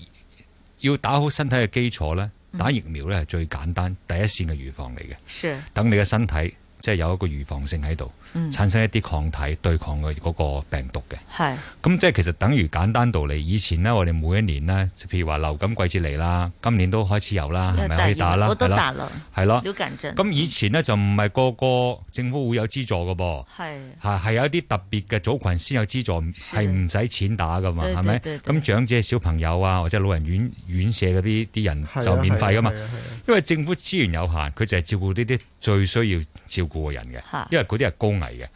要打好身體嘅基礎呢，打疫苗呢係、嗯、最簡單第一綫嘅預防嚟嘅。等你嘅身體。即係有一個預防性喺度。嗯、產生一啲抗體對抗佢嗰個病毒嘅，係咁即係其實等於簡單道理。以前呢，我哋每一年呢，譬如話流感季節嚟啦，今年都開始有啦，係、嗯、咪可以打啦？係啦，咯，咁以前呢，嗯、就唔係個個政府會有資助嘅噃，係係有一啲特別嘅組群先有資助，係唔使錢打嘅嘛，係咪？咁長者、小朋友啊，或者老人院院舍嗰啲啲人就免費嘅嘛、啊啊啊啊，因為政府資源有限，佢就係照顧呢啲最需要照顧嘅人嘅，因為嗰啲係公。係嘅，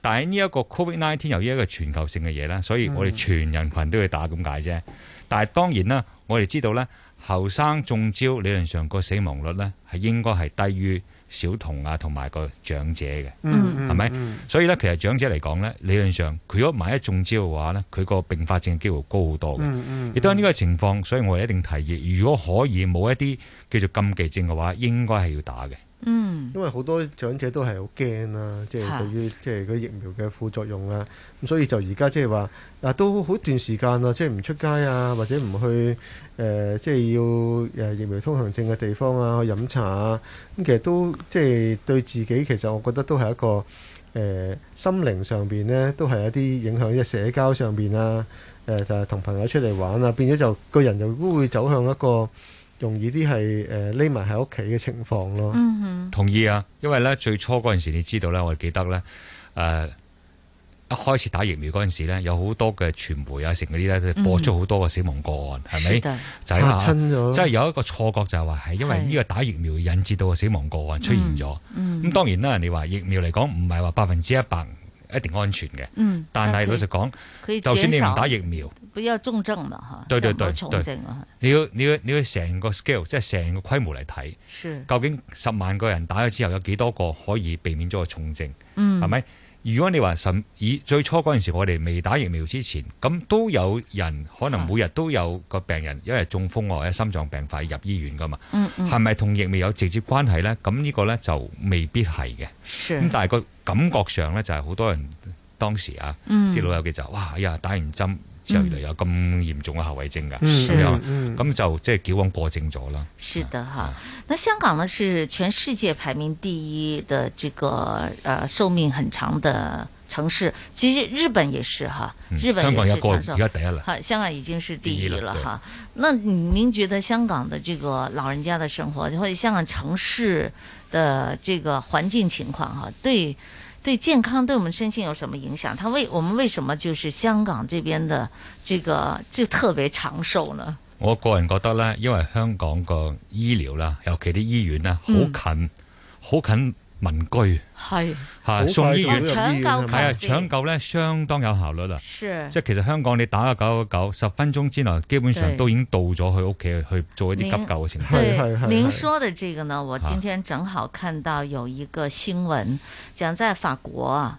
但係呢一個 Covid nineteen 由於一個全球性嘅嘢啦，所以我哋全人群都要打咁解啫。但係當然啦，我哋知道咧，後生中招理論上個死亡率咧係應該係低於小童啊同埋個長者嘅，係、嗯、咪、嗯？所以咧，其實長者嚟講咧，理論上佢如果唔萬一中招嘅話咧，佢個併發症嘅機會高好多嘅。亦、嗯嗯、都係呢個情況，所以我哋一定提議，如果可以冇一啲叫做禁忌症嘅話，應該係要打嘅。嗯，因為好多長者都係好驚啦，即係對於即係疫苗嘅副作用啊，咁所以就而家即係話，啊都好一段時間啦，即係唔出街啊，或者唔去誒，即係要誒疫苗通行證嘅地方啊，去飲茶啊，咁其實都即係對自己其實我覺得都係一個誒心靈上邊咧，都係一啲影響，嘅社交上邊啊，誒就係同朋友出嚟玩啊，變咗就個人就都會走向一個。容易啲係誒匿埋喺屋企嘅情況咯，同意啊！因為咧最初嗰陣時候，你知道咧，我記得咧，誒、呃、一開始打疫苗嗰陣時咧，有好多嘅傳媒啊，成嗰啲咧播出好多個死亡個案，係、嗯、咪？就係、是啊、嚇，即、就、係、是、有一個錯覺就係話係因為呢個打疫苗引致到個死亡個案出現咗。咁、嗯嗯、當然啦，人哋話疫苗嚟講唔係話百分之一百。一定安全嘅，嗯，但係老實講，就算你唔打疫苗，比較重症嘛吓，對對對，重症對對對，你要你要你要成個 scale，即係成個規模嚟睇，究竟十萬個人打咗之後有幾多個可以避免咗個重症，嗯，係咪？如果你話什以最初嗰陣時，我哋未打疫苗之前，咁都有人可能每日都有個病人，因為中風或者心臟病發入醫院噶嘛，係咪同疫苗有直接關係呢？咁呢個呢就未必係嘅。咁但係個感覺上呢，就係、是、好多人當時啊，啲老友記就哇、哎、呀打完針。就原來有咁嚴重嘅後遺症㗎，咁就即係矯枉過正咗啦。是的哈、嗯，那香港呢是全世界排名第一的這個呃壽命很長的城市，其實日本也是哈，日本，也是、嗯、日本也是香港也過而家第一啦。好，香港已經是第一了哈。那您覺得香港的這個老人家的生活，或者香港城市的這個環境情況哈，對？對健康，對我們身心有什麼影響？他為我們為什麼就是香港這邊的這個就特別長壽呢？我個人覺得呢，因為香港個醫療啦，尤其啲醫院啦，好近，嗯、好近。民居係，嚇送醫院，搶救，啊，搶救咧相當有效率啦，啊。即係其實香港你打個九九九，十分鐘之內基本上都已經到咗佢屋企去做一啲急救嘅程序。您說的這個呢，我今天正好看到有一個新聞，講在法國。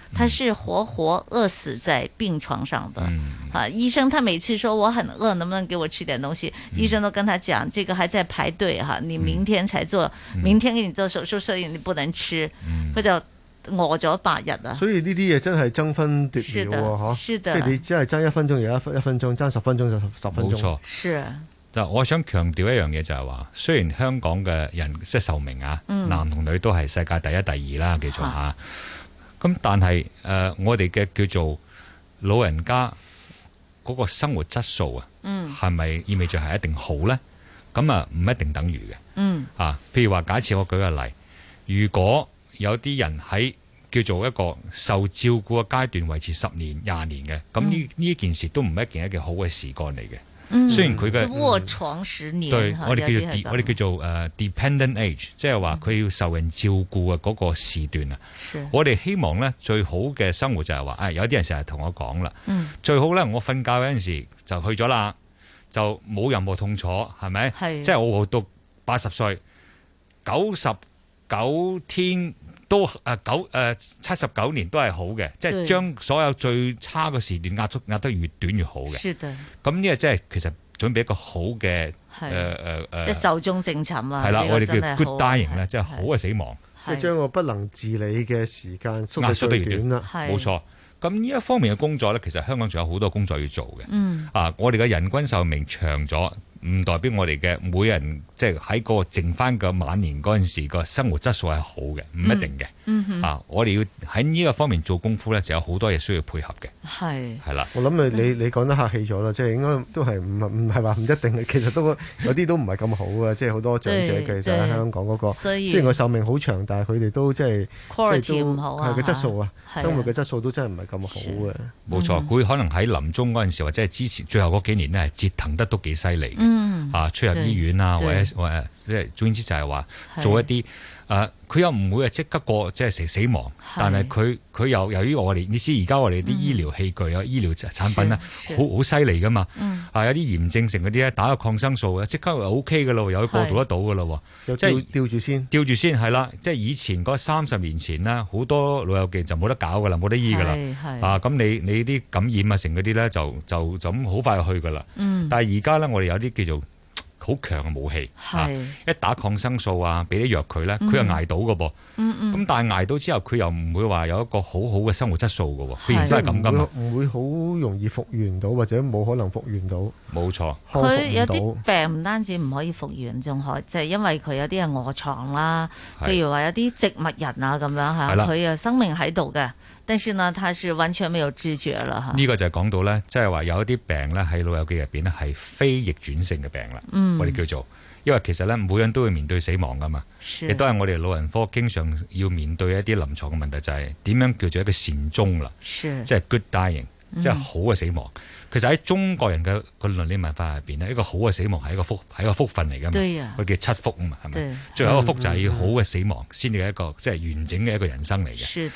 他是活活餓死在病床上的，嗯、啊，醫生，他每次說我很餓，能不能給我吃點東西？嗯、醫生都跟他講，這個還在排隊哈、啊，你明天才做，嗯、明天給你做手術，所以你不能吃，佢、嗯、就餓咗八日啦。所以呢啲嘢真係爭分奪秒、啊，嗬，即係你真係爭一分鐘有一分一分鐘，爭十分鐘就十分鐘。冇錯。是。但我想強調一樣嘢就係話，雖然香港嘅人即係壽命啊，嗯、男同女都係世界第一、第二啦，記住啊。咁但係誒、呃，我哋嘅叫做老人家嗰個生活質素啊，係、嗯、咪意味著係一定好咧？咁啊，唔一定等於嘅。嗯，啊，譬如話假設我舉個例，如果有啲人喺叫做一個受照顧嘅階段維持十年廿年嘅，咁呢呢件事都唔係一件一件好嘅事干嚟嘅。雖然佢嘅臥床十年，對、啊、我哋叫我哋叫做誒、uh, dependent age，即係話佢要受人照顧嘅嗰個時段啊、嗯。我哋希望咧最好嘅生活就係話，誒、哎、有啲人成日同我講啦、嗯，最好咧我瞓覺嗰陣時就去咗啦，就冇任何痛楚，係咪？係即係我活到八十歲九十九天。都誒九誒七十九年都係好嘅，即係將所有最差嘅時段壓縮，壓得越短越好嘅。是的。咁呢個即係其實準備一個好嘅誒誒誒，即係壽終正寢啊。係啦，我哋叫 good dying 咧，即係好嘅死亡。將個不能自理嘅時間壓縮得越短啦。冇錯。咁呢一方面嘅工作咧，其實香港仲有好多工作要做嘅。嗯。啊，我哋嘅人均壽命長咗。唔代表我哋嘅每人即係喺個剩翻個晚年嗰陣時個生活質素係好嘅，唔一定嘅。嗯嗯。啊，我哋要喺呢個方面做功夫咧，就有好多嘢需要配合嘅。係係啦，我諗你你講得客氣咗啦，即係應該都係唔唔係話唔一定嘅。其實都有啲都唔係咁好嘅， *laughs* 即係好多長者其實喺香港嗰，個，雖然個壽命好長，但係佢哋都即係即係都，啊、質素啊，uh, 生活嘅質素都真係唔係咁好嘅。冇，嗯、錯，佢可能喺臨終嗰陣時或者係之前最後嗰幾年咧，折騰得都幾犀利。嗯，啊出入醫院啊，或者或，即係總之就係話做一啲。啊！佢又唔會啊，即刻過即係成死亡，但係佢佢又由於我哋，你知而家我哋啲醫療器具啊、嗯、醫療產品呢好好、嗯、啊，好好犀利噶嘛，係有啲炎症性嗰啲咧，打個抗生素嘅即刻 OK 嘅咯，又、OK、過渡得到嘅咯，即係吊住先，吊住先係啦。即係以前嗰三十年前啦，好多老友記就冇得搞噶啦，冇得醫噶啦，啊咁你你啲感染啊成嗰啲咧，就就就咁好快去噶啦、嗯。但係而家咧，我哋有啲叫做。好強嘅武器、係，一打抗生素啊，俾啲藥佢咧，佢又捱到嘅噃。咁、嗯、但係捱到之後，佢又唔會話有一個好好嘅生活質素㗎喎，必然都係咁㗎嘛。唔會好容易復原到，或者冇可能復原到。冇錯，佢有啲病唔單止唔可以復原，仲可即係、就是、因為佢有啲係臥床啦，譬如話有啲植物人啊咁樣佢有生命喺度嘅。但是呢，他是完全沒有知覺了呢、呢個就係講到呢，即係話有一啲病呢，喺老友記入邊咧係非逆轉性嘅病啦、嗯。我哋叫做，因為其實呢，每人都會面對死亡噶嘛，亦都係我哋老人科經常要面對一啲臨床嘅問題、就是，就係點樣叫做一個善終啦，即係、就是、good dying，即、嗯、係、就是、好嘅死亡。其實喺中國人嘅個倫理文化入邊咧，一個好嘅死亡係一個福，係一個福份嚟噶嘛。佢、啊、叫七福啊嘛，係咪？最後一個福就係要好嘅死亡，先至係一個即係、嗯、完整嘅一個人生嚟嘅。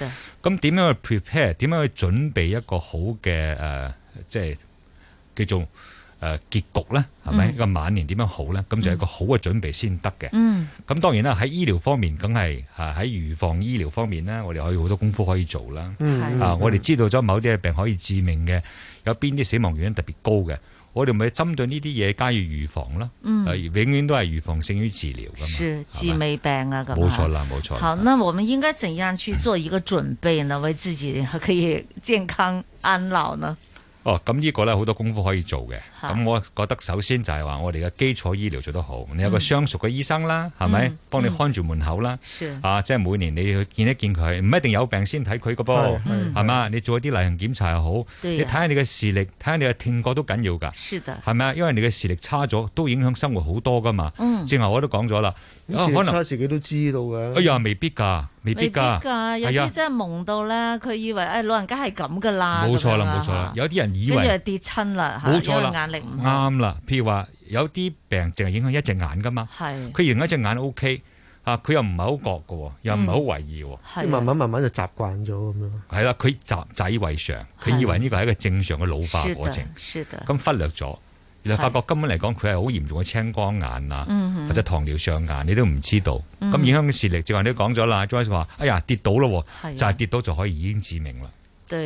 咁點樣去 prepare？點樣去準備一個好嘅誒、呃，即係叫做誒、呃、結局咧？係咪、嗯？一個晚年點樣好咧？咁就係一個好嘅準備先得嘅。嗯。咁當然啦，喺醫療方面是，梗係吓喺預防醫療方面咧，我哋可以好多功夫可以做啦。啊、呃，我哋知道咗某啲嘅病可以致命嘅。有邊啲死亡原因特別高嘅，我哋咪針對呢啲嘢加以預防咯。嗯、啊、永遠都係預防勝於治療。是治未病啊，咁吧。冇錯啦，冇錯。好，那我們應該怎樣去做一個準備呢？ *laughs* 為自己可以健康安老呢？哦，咁呢個咧好多功夫可以做嘅。咁我覺得首先就係話我哋嘅基礎醫療做得好，你有個相熟嘅醫生啦，係、嗯、咪？幫你看住門口啦，是啊，即係每年你要見一見佢，唔一定有病先睇佢嘅噃，係嘛？你做一啲例行檢查又好，對你睇下你嘅視力，睇下你嘅聽覺都緊要㗎。是係咪啊？因為你嘅視力差咗，都影響生活好多㗎嘛。正、嗯、話我都講咗啦。可、啊、能。自己都知道嘅。哎呀，未必㗎。未必噶，有啲真係蒙到咧。佢、哎、以為誒，老人家係咁噶啦。冇錯啦，冇錯啦。有啲人以為跌親啦，冇錯啦。眼力唔啱啦。譬如話有啲病，淨係影響一隻眼噶嘛。係。佢另一隻眼 O K，啊，佢又唔係好覺噶，又唔係好為意。係、嗯。慢慢慢慢就習慣咗咁樣。係啦，佢習習以為常，佢以為呢個係一個正常嘅老化過程。是。咁忽略咗。你發覺根本嚟講，佢係好嚴重嘅青光眼啊，或者糖尿上眼，嗯、你都唔知道。咁、嗯、影響視力，正如你都講咗啦，Joyce 話：哎呀，跌倒咯、啊，就係、是、跌倒就可以已經致命啦。對，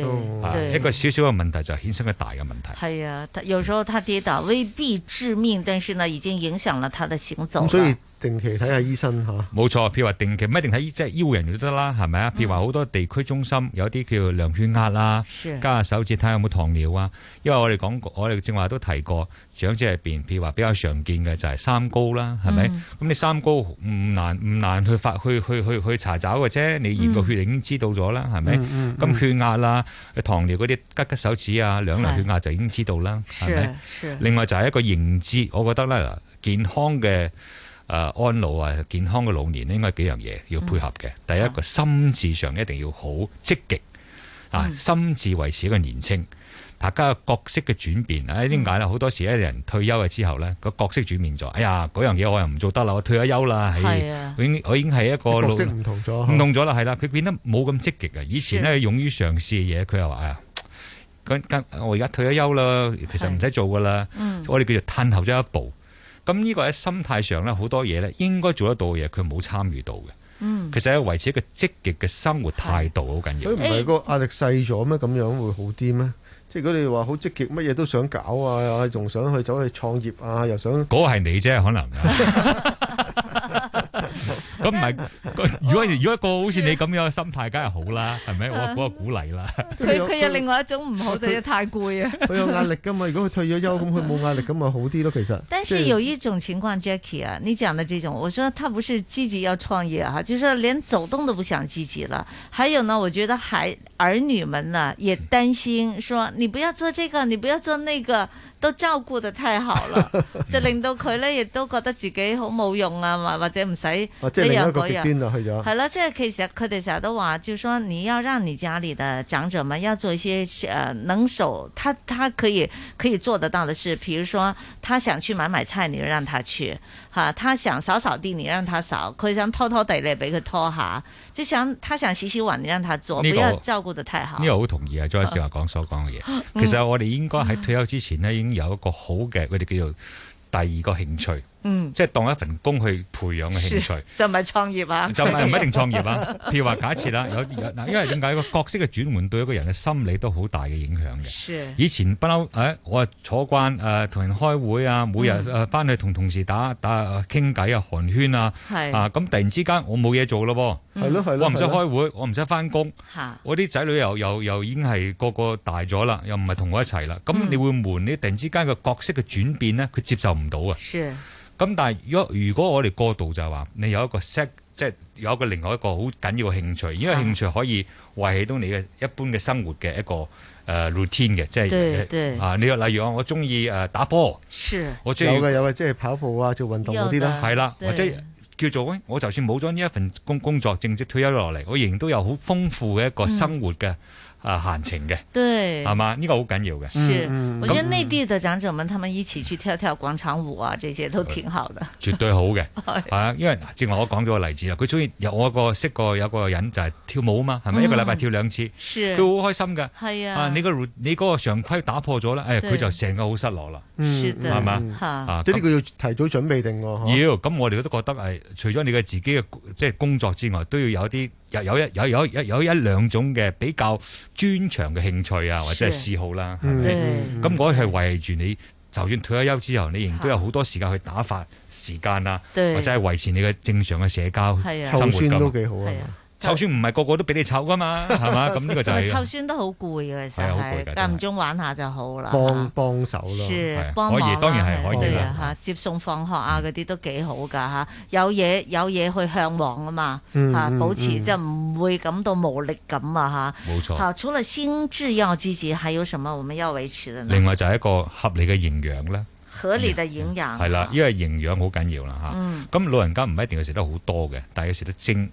一個少少嘅問題就衍生嘅大嘅問題。係啊，有時候他跌倒未必致命，但是呢，已經影響了他的行走。嗯、所以定期睇下醫生嚇，冇錯。譬如話定期唔一定睇醫即係醫護人員都得啦，係咪啊？譬如話好多地區中心有啲叫量血壓啦、嗯，加下手指睇下有冇糖尿啊。因為我哋講我哋正話都提過，長者入邊，譬如話比較常見嘅就係三高啦，係咪？咁、嗯、你三高唔難唔難去發去去去去查找嘅啫。你驗個血已經知道咗啦，係、嗯、咪？咁、嗯嗯、血壓啦、糖尿嗰啲吉吉手指啊、量量血壓就已經知道啦，係咪？另外就係一個認知，我覺得咧，健康嘅。誒、啊、安老啊，健康嘅老年咧，應該幾樣嘢要配合嘅、嗯。第一個心智上一定要好積極啊，嗯、心智維持一個年青。大家嘅角色嘅轉變，誒點解咧？好多時啲人退休嘅之後咧，個角色轉變咗。哎呀，嗰樣嘢我又唔做得啦，我退咗休啦，係、啊哎，我已我已經係一個老，角色唔同咗，唔同咗啦，係啦、啊，佢、啊、變得冇咁積極啊。以前咧，勇於嘗試嘅嘢，佢又話啊，跟我而家退咗休啦，其實唔使做㗎啦。嗯、所以我哋叫做退後咗一步。咁呢個喺心態上咧，好多嘢咧應該做得到嘅嘢，佢冇參與到嘅。嗯，其實係維持一個積極嘅生活態度好緊要。佢唔係個壓力細咗咩？咁樣會好啲咩？即係如果你話好積極，乜嘢都想搞啊，仲想去走去創業啊，又想……嗰個係你啫，可能。 *laughs* *laughs* 咁唔係，如果如果一個好似你咁樣嘅心態，梗、哦、係好啦，係咪、啊？我嗰個鼓勵啦。佢佢有另外一種唔好，就要太攰啊。佢有壓力噶嘛？如果佢退咗休，咁佢冇壓力咁咪好啲咯。其實。 *laughs* 但是有一種情況 j a c k i e 啊，你講的呢種，我說他不是積極要創業啊，就是連走動都不想積極了。還有呢，我覺得還。兒女們呢也擔心說，說你不要做這個，你不要做那個，都照顧得太好了。就令到佢呢也都覺得自己好冇用啊，或或者唔使呢樣。哦、啊，即係另一個極端啊，去咗。係、嗯、啦，即係其實佢哋成日都話，就是、說你要讓你家裏的長者們要做一些，呃，能手，他他可以可以做得到的事，比如說他想去買買菜，你就讓他去，哈、啊，他想掃掃地，你讓他掃，佢想拖拖地咧，俾佢拖下。就想他想洗洗碗，你讓他做，這個、不要照顧得太好。呢、這個好同意啊，張先生講所講嘅嘢。其實我哋應該在退休之前咧，已經有一個好嘅佢哋叫做第二個興趣。嗯，即係當一份工去培養嘅興趣，就唔係創業啊？就唔一定創業啊？譬 *laughs* 如話假設啦，有有，因為點解個角色嘅轉換對一個人嘅心理都好大嘅影響嘅。以前不嬲誒，我坐慣誒，同、呃、人開會啊，每日誒翻去同同事打打傾偈啊，寒暄啊，啊咁突然之間我冇嘢做咯，係咯係咯，我唔使開會，我唔使翻工，我啲仔女又又又已經係個個大咗啦，又唔係同我一齊啦，咁你會悶，你突然之間個角色嘅轉變呢，佢接受唔到啊。是咁但係，如果如果我哋過度就係話，你有一個 set，即係有一個另外一個好緊要嘅興趣，因為興趣可以維係到你嘅一般嘅生活嘅一個誒 routine 嘅，即係啊，你例如我我中意誒打波，我中意有即係跑步啊做運動嗰啲啦，係啦，或者叫做咧，我就算冇咗呢一份工工作，正職退休落嚟，我仍然都有好豐富嘅一個生活嘅。嗯。啊，閑情嘅，係嘛？呢個好緊要嘅。是、這個的是嗯，我覺得內地的長者們，他們一起去跳跳廣場舞啊，嗯、這些都挺好的。絕對好嘅，係 *laughs* 啊，因為正話我講咗個例子啦。佢中意有我一個我識過有個人就係跳舞啊嘛，係咪、嗯？一個禮拜跳兩次，都好開心噶。係啊，啊，你個你嗰個常規打破咗咧，佢、哎、就成個好失落啦，係嘛、嗯啊？即呢個要提早準備定？要、啊，咁、啊、我哋都覺得係、哎，除咗你嘅自己嘅即係工作之外，都要有啲。有一有有一有一，有一，有一，有一兩種嘅比較專長嘅興趣啊，或者係嗜好啦，係咪？咁我係為住你，就算退咗休之後，你仍然都有好多時間去打發時間啊，係啊對，或者係維持你嘅正常嘅社交生活感。是湊孫唔係個個都俾你湊噶嘛，係 *laughs* 嘛？咁呢個就係、是就是、湊孫都好攰嘅，其實係間唔中玩下就好啦，幫幫是是幫啦。幫幫手咯，可以是當然係可以吓，接送放學啊嗰啲都幾好噶吓、嗯啊，有嘢有嘢去向往嘛啊嘛吓、嗯，保持、嗯、就唔會感到無力感啊吓。冇錯。好，除了先製藥自己，還有什麼我們要維持的呢？另外就係一個合理嘅營養啦。合理的營養係啦，因為營養好緊要啦吓。咁、啊嗯、老人家唔一定要食得好多嘅，但係要食得精。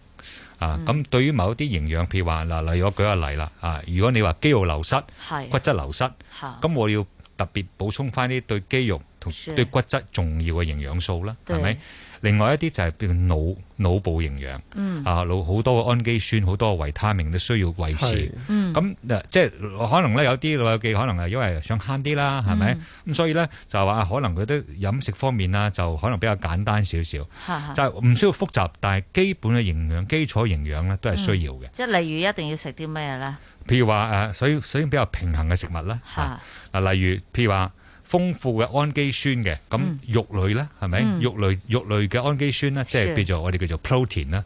嗯、啊，咁對於某一啲營養，譬如話嗱，例如我舉個例啦，啊，如果你話肌肉流失，係，骨質流失，吓，咁我要特別補充翻啲對肌肉同對骨質重要嘅營養素啦，係咪？另外一啲就係譬如腦腦部營養，嗯、啊腦好多嘅氨基酸、好多嘅維他命都需要維持。咁、嗯、即係可能咧有啲老友記可能係因為想慳啲啦，係、嗯、咪？咁所以咧就係話可能佢啲飲食方面啦，就可能比較簡單少少，就唔、是、需要複雜，嗯、但係基本嘅營養基礎營養咧都係需要嘅、嗯。即係例如一定要食啲咩咧？譬如話誒、啊，所以所以比較平衡嘅食物啦，啊，例如譬如話。豐富嘅氨基酸嘅，咁肉類咧，係、嗯、咪？肉類肉類嘅氨基酸咧，即係叫做我哋叫做 protein 啦，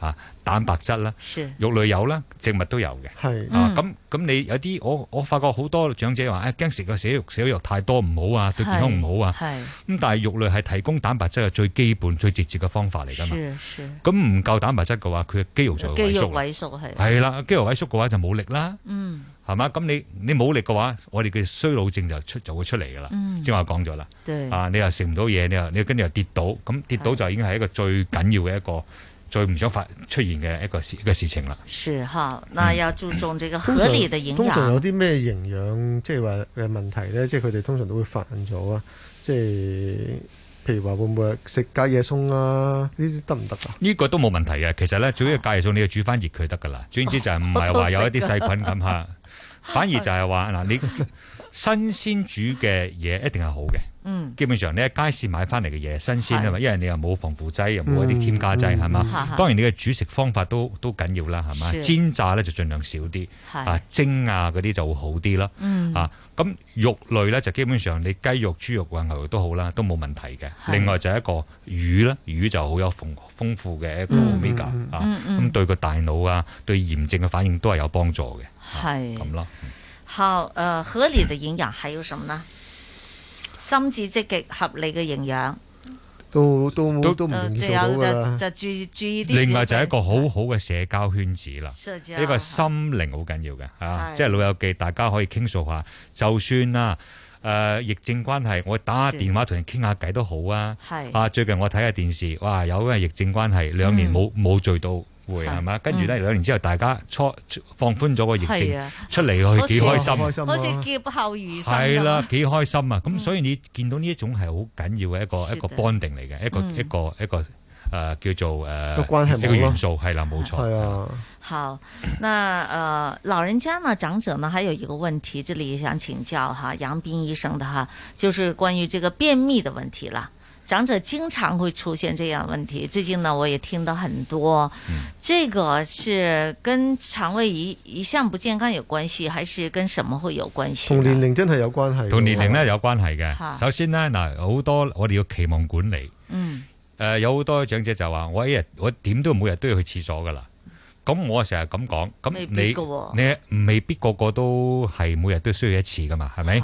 吓、嗯、蛋白質啦，肉類有啦，植物都有嘅。係啊，咁、嗯、咁你有啲我我發覺好多長者話，誒、哎，驚食個食肉食肉太多唔好啊，對健康唔好啊。係咁，但係肉類係提供蛋白質嘅最基本、最直接嘅方法嚟㗎嘛。咁唔夠蛋白質嘅話，佢嘅肌肉就萎縮萎縮係。係啦，肌肉萎縮嘅話就冇力啦。嗯。係嘛？咁你你冇力嘅話，我哋嘅衰老症就出就會出嚟噶啦。正話講咗啦，啊，你又食唔到嘢，你又你跟住又跌倒，咁跌倒就已經係一個最緊要嘅一個，最唔想發出現嘅一個事一個事情啦。是哈，那要注重這個合理嘅營養。嗯、通常通常有啲咩營養即係話嘅問題咧？即係佢哋通常都會犯咗啊！即係譬如話會唔會食隔夜餸啊？呢啲得唔得啊？呢、這個都冇問題嘅。其實咧，只要隔夜餸、啊、你就煮熱就要煮翻熱佢得噶啦。總之就係唔係話有一啲細菌咁吓。哦 *laughs* 反而就係話嗱， *laughs* 你新鮮煮嘅嘢一定係好嘅。嗯，基本上你喺街市買翻嚟嘅嘢新鮮啊嘛，因為你又冇防腐劑，又冇一啲添加劑，係嘛。當然你嘅煮食方法都都緊要啦，係嘛，煎炸咧就盡量少啲，啊蒸啊嗰啲就會好啲啦。啊，咁肉類咧就基本上你雞肉、豬肉啊、牛肉都好啦，都冇問題嘅。是另外就是一個魚咧，魚就好有豐豐富嘅一個 Omega 啊，咁對個大腦啊，對炎症嘅反應都係有幫助嘅。係咁咯，好誒、呃，合理的營養還有什麼呢？嗯、心智積極，合理嘅營養都都都都唔容易做到，就注注意啲。另外就一個好好嘅社交圈子啦，呢、這個心靈好緊要嘅吓、啊，即係老友記，大家可以傾訴下。就算啊誒、呃、疫症關係，我打下電話同人傾下偈都好啊。係啊，最近我睇下電視，哇，因為疫症關係，兩年冇冇聚到。係嘛？跟住咧，兩、嗯、年之後大家初放寬咗個疫情、啊，出嚟佢幾開心，好似劫後餘生。係啦，幾開心啊！咁、啊啊嗯、所以你見到呢一種係好緊要嘅一個一個 bonding 嚟嘅，一個一個一個誒、呃、叫做誒、嗯、個、呃做呃、關係、啊、一個元素係啦，冇、啊、錯。係啊、嗯，好。那誒、呃、老人家呢，長者呢，還有一個問題，這裡想請教哈楊斌醫生的哈，就是關於這個便秘的問題啦。長者經常會出現這樣的問題，最近呢，我也聽到很多。嗯、這個是跟腸胃一一向不健康有關係，還是跟什麼會有關係？同年齡真係有關係，同年齡呢，有關係嘅。首先呢，嗱，好多我哋要期望管理。嗯。誒、呃，有好多長者就話：我一日我點都每日都要去廁所噶啦。咁我成日咁講，咁你未你未必個個都係每日都需要一次噶嘛？係咪？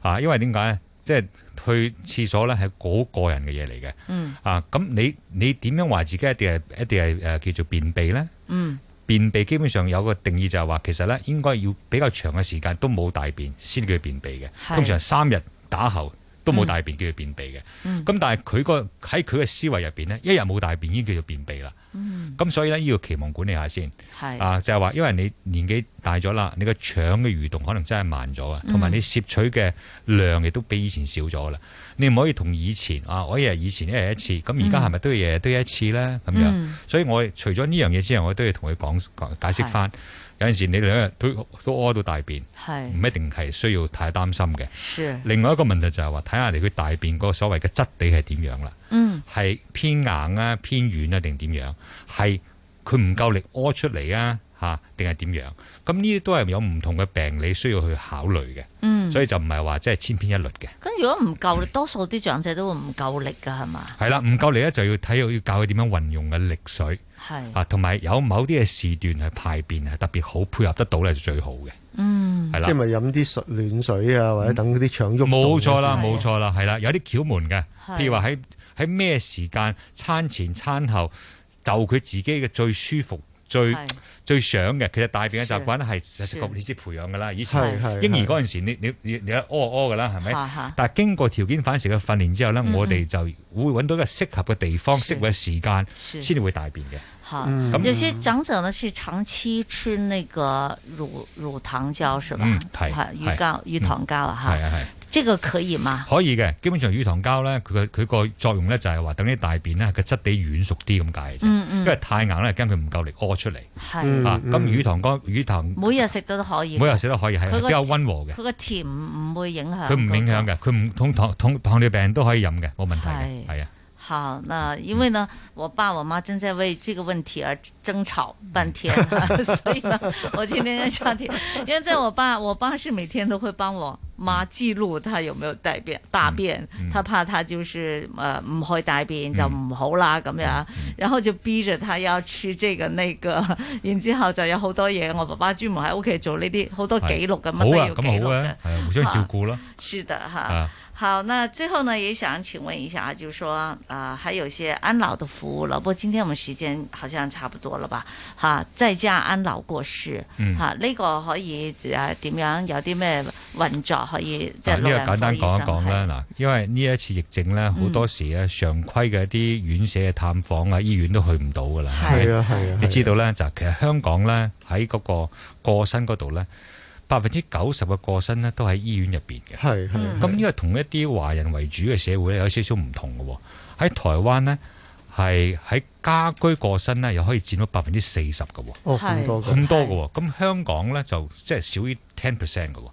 啊，因為點解？即係去廁所咧，係嗰個人嘅嘢嚟嘅。嗯，啊，咁你你點樣話自己一定係一定係誒、啊、叫做便秘咧？嗯，便秘基本上有個定義就係話，其實咧應該要比較長嘅時間都冇大便先叫便秘嘅。通常三日打後。都冇大便，叫做便秘嘅。咁、嗯、但係佢個喺佢嘅思維入邊咧，一日冇大便已經叫做便秘啦。咁、嗯、所以咧，要期望管理下先。係啊，就係、是、話，因為你年紀大咗啦，你個腸嘅蠕動可能真係慢咗啊，同、嗯、埋你攝取嘅量亦都比以前少咗啦。你唔可以同以前啊，我以為以前一日一次，咁而家係咪都要日日都一次咧？咁、嗯、樣，所以我除咗呢樣嘢之外，我都要同佢講講解釋翻。有陣時你兩人都都屙到大便，唔一定係需要太擔心嘅。另外一個問題就係、是、話，睇下你佢大便嗰個所謂嘅質地係點樣啦，係、嗯、偏硬啊、偏軟啊定點樣，係佢唔夠力屙出嚟啊。吓，定係點樣？咁呢啲都係有唔同嘅病理需要去考慮嘅。嗯，所以就唔係話即係千篇一律嘅。咁如果唔夠力，多數啲長者都會唔夠力㗎，係嘛？係啦，唔夠力咧就要睇要教佢點樣運用嘅力水。係啊，同埋有某啲嘅時段係排便係特別好配合得到咧，就最好嘅。嗯，係啦，即係咪飲啲暖水啊，或者等嗰啲腸喐。冇錯啦，冇錯啦，係啦，有啲竅門嘅。譬如話喺喺咩時間，餐前餐後就佢自己嘅最舒服。最最想嘅，其實大便嘅習慣咧係係你知培養嘅啦。以前嬰兒嗰陣時，你你你你一屙屙嘅啦，係、啊、咪、啊啊？但係經過條件反射嘅訓練之後咧，我哋就會揾到一個適合嘅地方、適合嘅時間，先至會大便嘅。咁、嗯、有些長者呢，是長期吃那個乳乳糖膠，是吧？嗯，係乳膠乳糖膠啦啊。這個可以嗎？可以嘅，基本上乳糖膠呢，佢個佢個作用呢就係話等啲大便呢，個質地軟熟啲咁解嘅啫。因為太硬咧，驚佢唔夠力屙出嚟。係、嗯。咁、啊嗯嗯、乳糖膠乳糖。每日食都都可以。每日食都可以係，比較溫和嘅。佢個甜唔會影響。佢唔影響嘅，佢唔通糖糖尿病都可以飲嘅，冇問題。係啊。好，那因為呢，嗯、我爸我媽正在為這個問題而爭吵半天 *laughs* 所以呢，我今天想提，因為在我爸，我爸是每天都會幫我。媽記錄他有沒有大便，大、嗯、便，他、嗯、怕他就是誒唔、呃、去大便就唔好啦咁樣、嗯嗯，然後就逼着他要吃這個那個，然之後就有好多嘢，我爸爸專門喺屋企做呢啲好多記錄嘅，乜都要記錄嘅、啊啊，互相照顧啦，係啊。是的啊是的。好，那最後呢，也想請問一下啊，就是說，啊、呃，還有一些安老的服務，不過今天我們時間好像差不多了吧，哈、啊，在家安老過世，哈、嗯，呢、啊這個可以誒點樣有啲咩運作可以即係？嗱，簡單講一講啦，嗱，因為呢一次疫症咧，好、嗯、多時咧常規嘅一啲院舍嘅探訪啊，醫院都去唔到噶啦，係啊係啊，你知道咧就其實香港咧喺嗰個過身嗰度咧。百分之九十嘅過身咧都喺醫院入邊嘅，係係。咁呢個同一啲華人為主嘅社會咧有少少唔同嘅喎。喺台灣咧係喺家居過身咧又可以佔到百分之四十嘅喎，咁、哦、多咁多嘅咁香港咧就即、是、係少於 ten percent 嘅喎。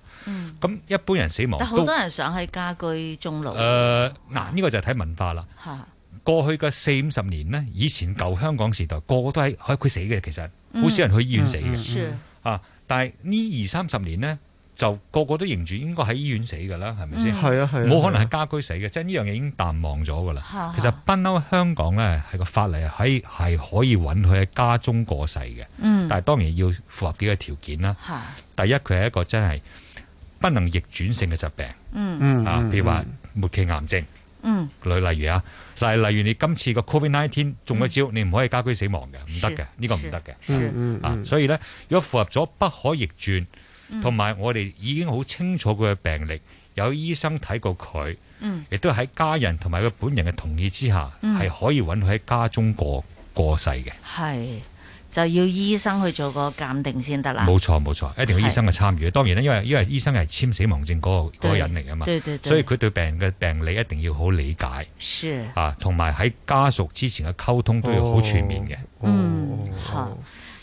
咁、嗯、一般人死亡，但好多人想喺家居終老。誒、呃，嗱、啊、呢、這個就係睇文化啦。嚇、啊。過去嘅四五十年咧，以前舊香港時代，個個都喺喺屋企死嘅，其實好、嗯、少人去醫院死嘅、嗯嗯。啊。但係呢二三十年呢，就個個都認住應該喺醫院死㗎啦，係咪先？係、嗯、啊冇、啊啊啊、可能喺家居死嘅，即係呢樣嘢已經淡忘咗㗎啦。其實，不嬲香港呢係個法例喺係可以允許喺家中過世嘅、嗯。但係當然要符合幾個條件啦、啊。第一佢係一個真係不能逆轉性嘅疾病。嗯嗯啊，譬如話末期癌症。嗯，例例如啊，例例如你今次個 Covid nineteen 中咗招，嗯、你唔可以家居死亡嘅，唔得嘅，呢、這個唔得嘅，嗯啊嗯啊，所以咧，如果符合咗不可逆轉，同、嗯、埋我哋已經好清楚佢嘅病歷，有醫生睇過佢，嗯，亦都喺家人同埋佢本人嘅同意之下，係、嗯、可以允許喺家中過過世嘅，係。就要醫生去做個鑒定先得啦。冇錯冇錯，一定要醫生嘅參與。當然啦，因為因為醫生係簽死亡證嗰、嗰個、嗰個人嚟嘅嘛對對對，所以佢對病人嘅病理一定要好理解。是啊，同埋喺家屬之前嘅溝通都要好全面嘅、哦哦。嗯，好。